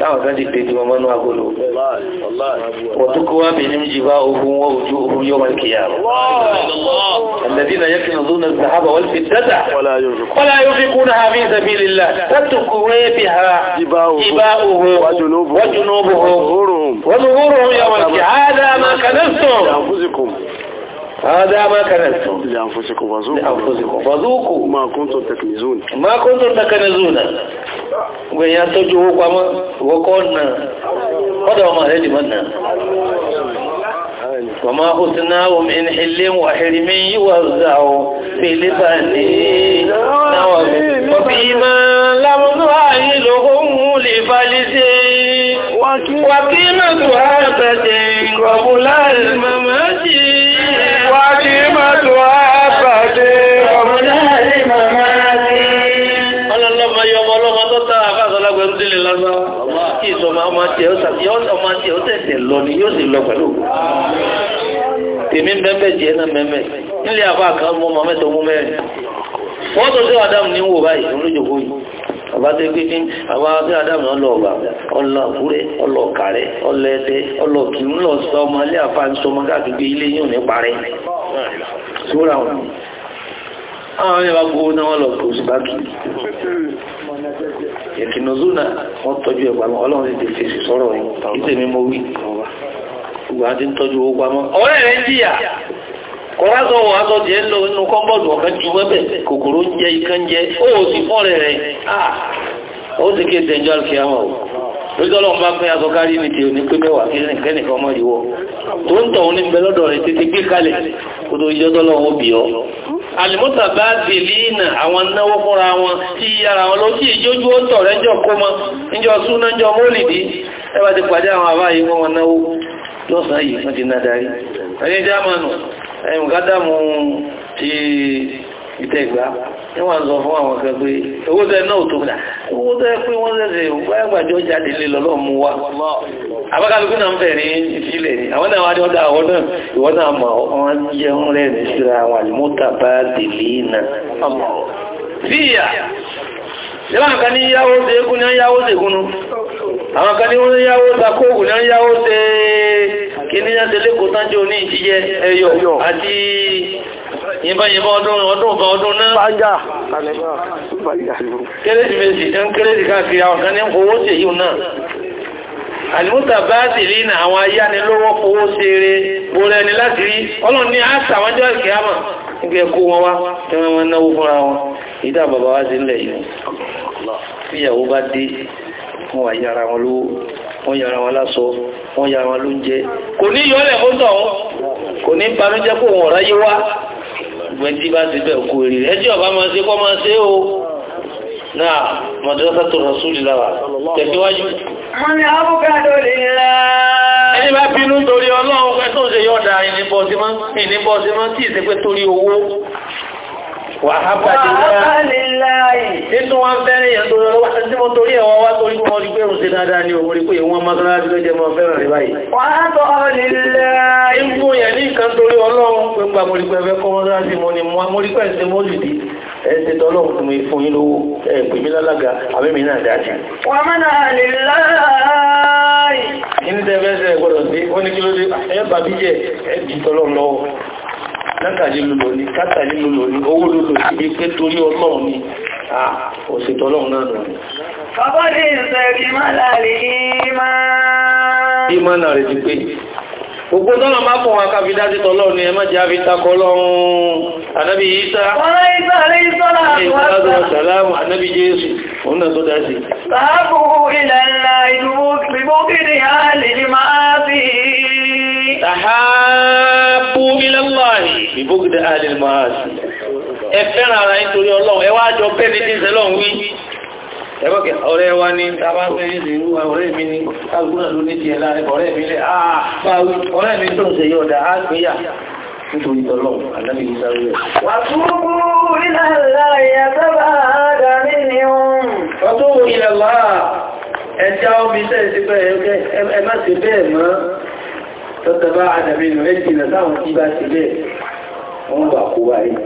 táwọn kan ti pèsè wọn mọ́nú agolo وتكوى بهم جباههم ووجوههم يوم القيامة الذين يكنزون الذهب والفضة ولا ينفقونها في سبيل الله فتكوى بها جباههم وجنوبهم وظهورهم يوم القيامة هذا ما كنزتم لأنفسكم هذا ما كنزتم لأنفسكم فذوقوا ما كنتم تكنزون ما كنتم تكنزون gbogbo èèyàn tọ́jú owó pamọ́ ìwọ́kọ́ nà kọ́dọ̀ ọmọ rẹ̀ lè mọ́ nà wàmá òsìnà omi ilé wà hìrìmí yíwà zàó pèlébà ní náwà ọ̀bí ma lámúnú ààyè lóhun wà ọmọ tí ó tẹ̀sẹ̀ lọ ni yóò sì lọ pẹ̀lú tèmi mẹ́mẹ́ jẹ́ náà mẹ́mẹ́ nílé àbá kan mọ́ ọmọ mẹ́ta ogún mẹ́rin wọ́n tó sí adam ní wò báyìí olójòkó yìí àbá tó gbé ní àbá sí adam náà lọ ọgbà ọlọ òwúrẹ́ ọlọ kàrẹ́ ọlọ ẹtẹ ọlọ kìí ńlọ sọ ọmọ ilé àfáàní sọmọ káàkiri ilé yìí ò ní parẹ́ àwọn ẹni bá gbówó náà wọ́n lọ kò sí báàkì ẹ̀kìnà zona wọ́n tọ́jú ẹ̀pà mọ́ ọlọ́run ti fèsì sọ́rọ̀ yìí ìtẹ̀ mi mọ́ wí gbogbo àti ń tọ́jú owó pamọ́ ọ̀rẹ́ rẹ̀ ń jìyà kọ́rázọ̀ wọ́n aṣọ jẹ́ ń lọ rígọ́lọ́ bá pín aṣọ kárí ní ti òní pé mẹ́wàá kí nìkẹ́nìkan mọ́ ìwọ̀ tó ń tọ̀ ní bẹ̀lọ́dọ̀ rẹ̀ títí gbé kalẹ̀ kó tó ìjọ́tọ́lọ́ wọn bí ọ alìmọ́ta bá dè líìnà àwọn náwó fúnra wọn tí ara wọn ló sí ìjójú ó tọ̀ rẹ́jọ́ kó mọ́ níjọ súná jọ mólìdí ẹbà ti pàdé àwọn ní wọ́n sọ fún àwọn kan pé owó tẹ́ náà tó múlá owó tẹ́ pé wọ́n tẹ́sẹ̀ gbáyàgbàjọ́ jáde lè lọ́lọ́ mú wa abákàlùkù náà ń fẹ̀ ní ìfilẹ̀ ni àwọn náà wá ní ọdá àwọn náà ìwọ́n náà mọ̀ wọ́n jẹun rẹ̀ ní síra àwọn àlùmọ́tà bá dèlé náà fíyà ìwọ́n kan ní yáwó ṣe é kú ní yáwó ṣe kúnú àwọn kan ní wọ́n yáwó sakóògùn ní yáwó ṣe kí ní yá ṣe lẹ́kọ̀ọ́ tánjọ́ ní ìjíjẹ ẹyọ àti yìnbọn yìnbọn ọdún ọdún ọba ọdún náà pàjá kérésìmesì tán kérésì káàkiri àwọn kan ní owó sí èyí náà àlùmúta bá sì rí ní àwọn ayánilówó fowó sí ẹni láti àmà níbi wọn wá tí náwó fúnra wọn ìdá bàbá wá sí yìí gbogbo ẹtí bá ti bẹ̀ kú rí ẹtí ọba máa ṣe kọ́ máa ṣe o náà mọ̀dúrọ́sá tó rọ̀ sóòlì láwà tẹ̀síwájú. wọ́n ní abúgbàdo lè la. ẹni bá bínú torí ọlọ́run pẹ́ tó ń ṣe yọ̀ọ̀dà ìníbọ̀símọ́ tí ìṣe wàhábà líláì nínú wọn fẹ́rẹ̀ yẹn tó lọ wá sí mọ́ torí ẹ̀wọ́ wá torí wọn rí pé òṣè dáadáa ní owó rí pé ìwọ̀n mọ́sánláàdì ló jẹ́ mọ́ fẹ́ràn rí báyìí wàhábà líláì ń fún yẹn ní ìkan torí ọlọ́run pẹ́gbà mọ́rípẹ́ fẹ́ kọ́ mọ́sánláàdì mọ́ ni mọ́rípẹ́ ṣe mọ́lùdí látàlí lulò ní kátàlí lulò ní owó lulò ní pé torí ọlọ́run ni òṣètò ọlọ́run náà nù. kọ́bọ́dé ìṣẹ̀rí máa lálẹ́ ìmọ̀. ìmọ̀ náà rẹ̀ ti pé gbogbo tọ́lọ̀ máa fún wa káfí dájú tọ́lọ̀ ni ẹ má àfi takọ lọ́run anábi Ìsá aláàmù Jésù òun náà tó dájú sáàbù ilẹ̀ ńlá ìlú bíbókìdì àlè ní máa fi tàhábù ilẹ̀láì ìbógidẹ alìmọ̀ọ́sì ẹ fẹ́ràn ara nítorí ọlọ́run ẹ wá jọ bẹ́ẹ̀ ní díṣẹ́ lọ́run wí ẹgbọ́kẹ̀ ọ̀rẹ́ wa ní tàbá fẹ́ ní ìrú ọ̀rẹ́ mi ní agbóná ló ní díẹ̀ láàrin ọ̀rẹ́ mi lẹ́ àpáwí ah, ọ̀rẹ́ mi tó ń ṣe yọ̀dá ni ohun. wà túbú ìlàlá ẹjá omi sẹ́ẹ̀ sí bẹ́ẹ̀ ẹmẹ́ sí تتباعد من عندنا نعم تباس إليه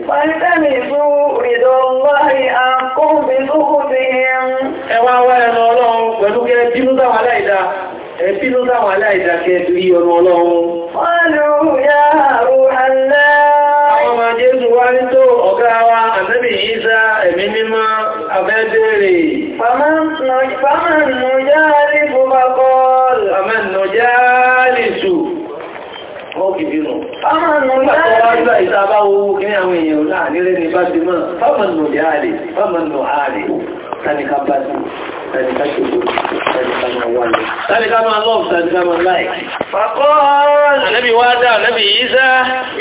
فالتمسوا رضا الله عن قرب wọ́n lò yá wá ní tó ọ̀gá wa àtẹ́bì ìsá ẹ̀mí mímọ́ abẹ́bẹ̀rẹ̀ gidi nù. Ah, nígbà tó wá gbà ìta bá owó kí ní tani ká bá ti, tani ká ṣe Tàbí ká máa lọ́pù tàbí ká máa láì. Fàkọ́ọ̀lù. Ànábì wá dá ànábì Ìsá.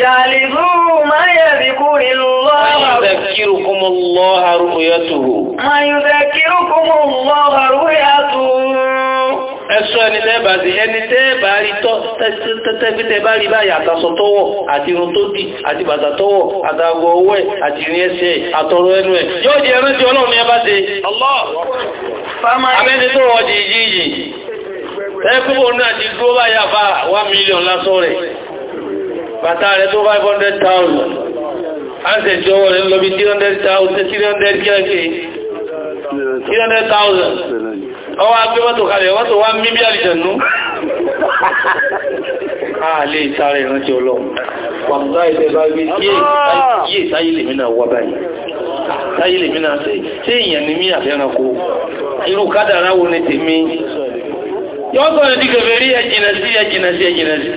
Yàlìzú máa yẹ̀ bí kú ìlú lọ́wọ́. Máa yùzẹ̀ kírù kúmù lọ́wọ́ àrúyàtùhù. Máa yùzẹ̀ kírù kúmù lọ́wọ́ àrúyàtùhù. Ẹ̀ṣọ́ ẹni tẹ́bà sí ẹni tẹ́bà rí tẹ́bí tẹ́bà rí bá yàtàṣọ tọ́wọ̀ àti irun tó dì àti bàtà tọ́wọ̀ àtàgbọ̀ ọwọ́ ẹ̀ àti ìrìn ẹsẹ̀ àtọrọ ẹnu ẹ̀. Yóò di ẹran tí ọlọ́run ni ẹ bá ṣe. Abẹ́ni yìí ẹkùnbò náà ti dúró bá yàfà 1 million lásán rẹ̀ bàtà rẹ̀ tó 500,000 ánsẹ̀jì ọwọ́ rẹ̀ lọ bí 300,000 ọwọ́ agbé mọ́tò kalẹ̀ mọ́tò wá mímí àlìjẹ̀nú ààlè ìtàrẹ̀ ìrántí ọlọ́run wà mú láìsẹ̀ bá gbé díẹ̀ sáyé lèmínà wà táyé lèmi náà ṣe ṣé èèyàn ni mí àfẹ́ranko irú kádàrá wo ni tèmi yọ́ sọ̀rọ̀ di kẹfẹ́ rí ẹ̀jìnà sí ẹ̀jìnà sí ẹ̀jìnà sí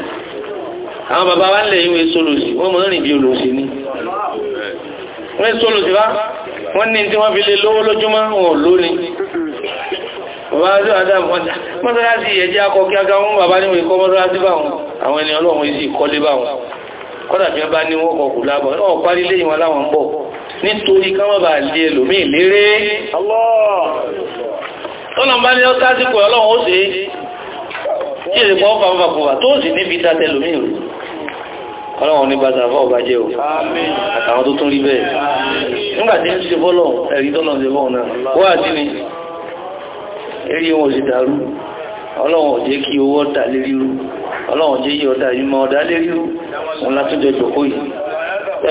àwọn bàbá wa ń lè ìwé solòsì wọ́n mọ̀ rìn bí olòsì ní wọ́n solòsì wá wọ́n ní tí wọ́n fi lè lówó lójúmọ́ wọn ló ní bàbá tí wọ́n dá mọ́sálásí ẹ̀jẹ́ akọ kí aga wọn bàbá níwọ̀n ikọ́ mọ́sálásí bá wọn àwọn ènìyàn ọlọ́run sì kọ́lé bá wọn kọ́dà bí wọ́n bá ní wọ́n kọkù lábọ̀ náà parí lẹ́yìn wọn láwọn ń bọ̀ nítorí kánwọ́ bá lé ẹlòmí léré ọlọ́mbá ní ọká ọlọ́run ó sì tí èdè pọ̀ fàfàfàfà tó sì níbi tàtẹ lòmí ọlọ́run ní bàtà ọba jẹ́ o àtàwọn tó tún rí bẹ́ẹ̀ nígbàtí ń ṣe fọ́lọ̀ ẹ̀rí tọ́lọ̀ ṣe fọ́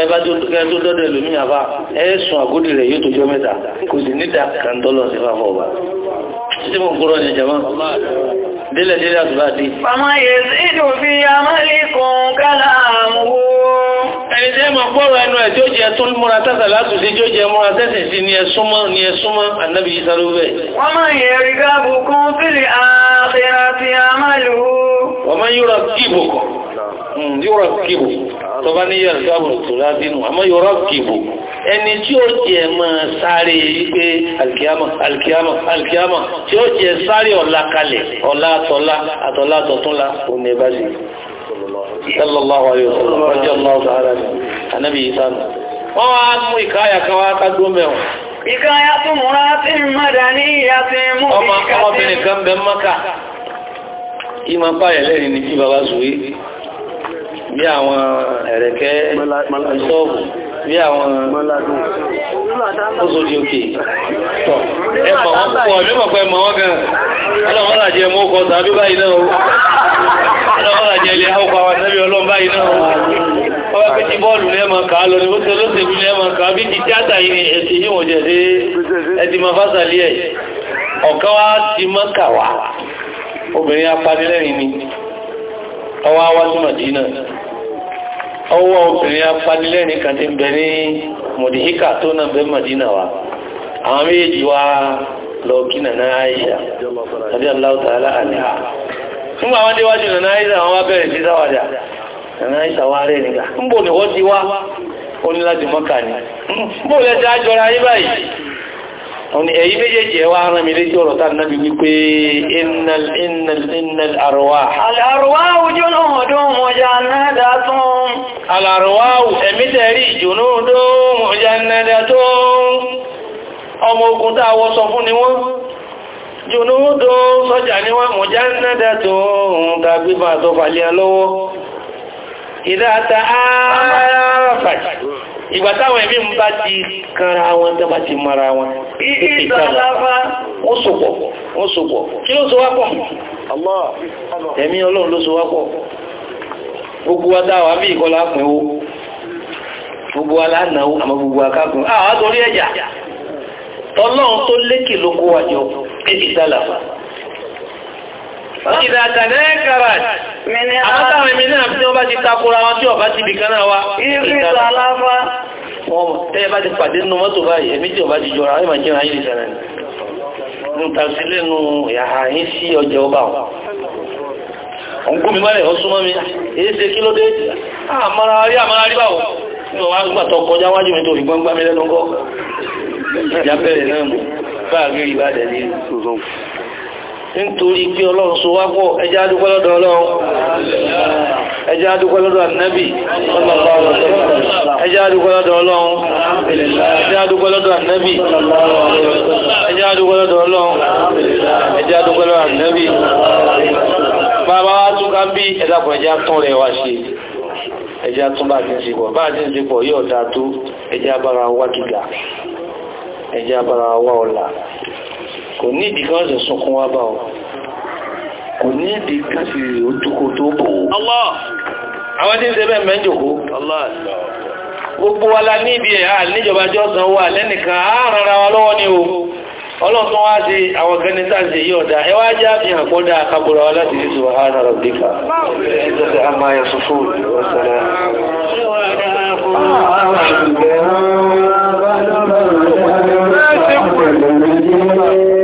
ẹbá tó kẹ́ẹ̀tọ́ dọ́dọ̀ ìlú ní àfá ẹ̀ẹ́sùn àgódì rẹ̀ yóò tó jọ mẹ́ta kò sì níta kàntọ́lọ̀ sí fàfọ́ ọba títí mọ̀ kúrọ̀ ní jẹmọ́ délẹ̀ délẹ̀ àtúbà dé ẹni tẹ́ ma gbọ́rọ̀ ẹnu ẹ̀ tí ó jẹ tó múra tẹ́sà látù sí tí ó jẹ múra tẹ́sì sí ni ẹ̀súnmọ́ ni ẹ̀súnmọ́ ànábì yìí sáré bẹ́ẹ̀. wọ́n máa yẹ rí gáàbù kún fílì ààbẹ̀ àti àmàlù. wọ́n máa yúrọ̀ kíbù kọ̀ yúrọ̀ kíbù tó bá ní yẹ̀rọ sábò tòrá bínú àmọ́ yọ̀rọ̀ kìbò ẹni tí ó jẹ mọ́ sáré wípé alkiyama alkiyama alkiyama tí ó jẹ sáré ọ̀la kalẹ̀ ọ̀la àtọ̀la àtọ̀la àtọ̀túnla òní ẹ̀bá sí sallallahu alayhi wa sallam ọjọ́ allah ta'ala ni anabi isanu wọ́n wá mú ìkáyà kan wá kágbó mẹ́wọ̀n ìkáyà tó múra tí mọ́dà ní ìyá tí mú mú ìkáyà tí mú ìkáyà tí mú ìkáyà tí mú ìkáyà tí mú ìkáyà tí bí àwọn ẹ̀rẹ̀kẹ́ sọ́ọ̀bù bí àwọn oṣòdì òkè tọ̀ ẹ̀mọ̀ wọn púpọ̀ mímọ̀ pẹ́ mọ̀ wọ́n gan ọlọ́wọ́n làjẹ mọ́ ọkọ̀ tàbí báyìí náà ọlọ́wọ́n làjẹ ilẹ̀ àwọ̀kọ̀ àwọn tẹ́bí ọlọ́run báyìí náà ọwọ́ pé ti bọ́ọ̀lù lẹ́mọ̀ ká lọ ní bóṣe lóṣèlú lẹ́mọ̀ ká bí ti tíátà yìí ẹ̀sìn yìí wọ̀n jẹ̀ dé ẹ̀dìmọ̀ fásálí ẹ̀ ọ̀kan wá ti mọ́kà wá obìnrin apanilẹ́rin ni ọwọ́ wá sí Màdínà ọwọ́ obìnrin apanilẹ́rin kan ti bẹ ní mọ̀díhíkà tó náà bẹ Mọ̀dínà wa àwọn méjì wá lọ kí nàná àìyà tàbí aláwọ̀ta aláàlá nígbà wọ́n déwájú nàná àìyà wọ́n wá bẹ̀rẹ̀ sí sáwàdà nàná àìyà wá rẹ̀ nígbà ń bò òní ẹ̀yí méjèèjì ẹwà ara mi léjì ọ̀rọ̀ tàbí náà wípé innal innal innal arwah al'arwahu junudun mujannadatun al'arwahu ẹ̀mí tẹ̀rí junudun mujannadatun ọmọ ogun tá a wọ́sọ fún ni wọ́n junudun sọ́jà ni wọ́n mujannadatun tàbí bá àtọ́fàlẹ́ lọ́wọ́ ìdáta ààrẹ ìgbàtàwọn ẹ̀mí ń bá ti kanra wọn tó bá ti mara wọn wọ́n wọn sopọ̀ kí ló so wápọ̀ ẹ̀mí ló so wá gbogbo wa dáwà bí gbogbo gbogbo tó lékè ló ìdá kàdẹ́ kàrà àmọ́tàwọn èmi náà tí wọ́n bá ti takora wọn tí ọba ti bì kan náà wá ìrìnlẹ̀ aláfá wọn tẹ́yẹ bá ti pàdé nínú mọ́tò báyìí èmi tí ọba ti jọra ẹ̀ máa jẹ́ra ayélujára rẹ̀ ní tàbí lẹ́nu ìhà yín sí ọjà ọba wọn òun gómi mọ́lẹ̀ ọsúnmọ́ mi èyí ṣe kí ló dé àmọ́ra rí àmọ́ra rí báwọ̀ ní ọwá gbàtọ̀ kọjá wájú mi tó fi gbọ́ngbá mi lẹ́nu gọ́ ìjábẹ̀rẹ̀ náà nítorí pé ọlọ́run so wápọ̀ ẹjá dúpẹ́ lọ́dọ̀ ọlọ́run ẹjá dúpẹ́ lọ́dọ̀ ànábì ẹjá dúpẹ́ lọ́dọ̀ ọlọ́run ẹjá dúpẹ́ lọ́dọ̀ ànábì ẹjá dúpẹ́ lọ́dọ̀ ọlọ́run ẹjá dúpẹ́ lọ́dọ̀ ànábì bàbá wa tún ká bí ẹ̀dàpọ̀ ẹjá tún rẹ̀ wá ṣe ẹjá tún bá ti ń sepọ̀ bá ti ń sepọ̀ kò ní ìdí kan ṣe sunkún wá bá ọ kò ní ìdí kan sì ojúkò tó bò ó àwọn tí ń ṣe bẹ́ẹ̀ mẹ́jọ̀kó gbogbo wa la níbi ẹ̀ à níjọba jọ san wà lẹ́nìkan àárán wa lọ́wọ́ ni o ọlọ́tún wá sí àwọn gẹ́nìtà sí yí ọ̀dá ẹ wá já kọ́dá àkàbùrà wa láti rí rọ̀ díkà Thank you.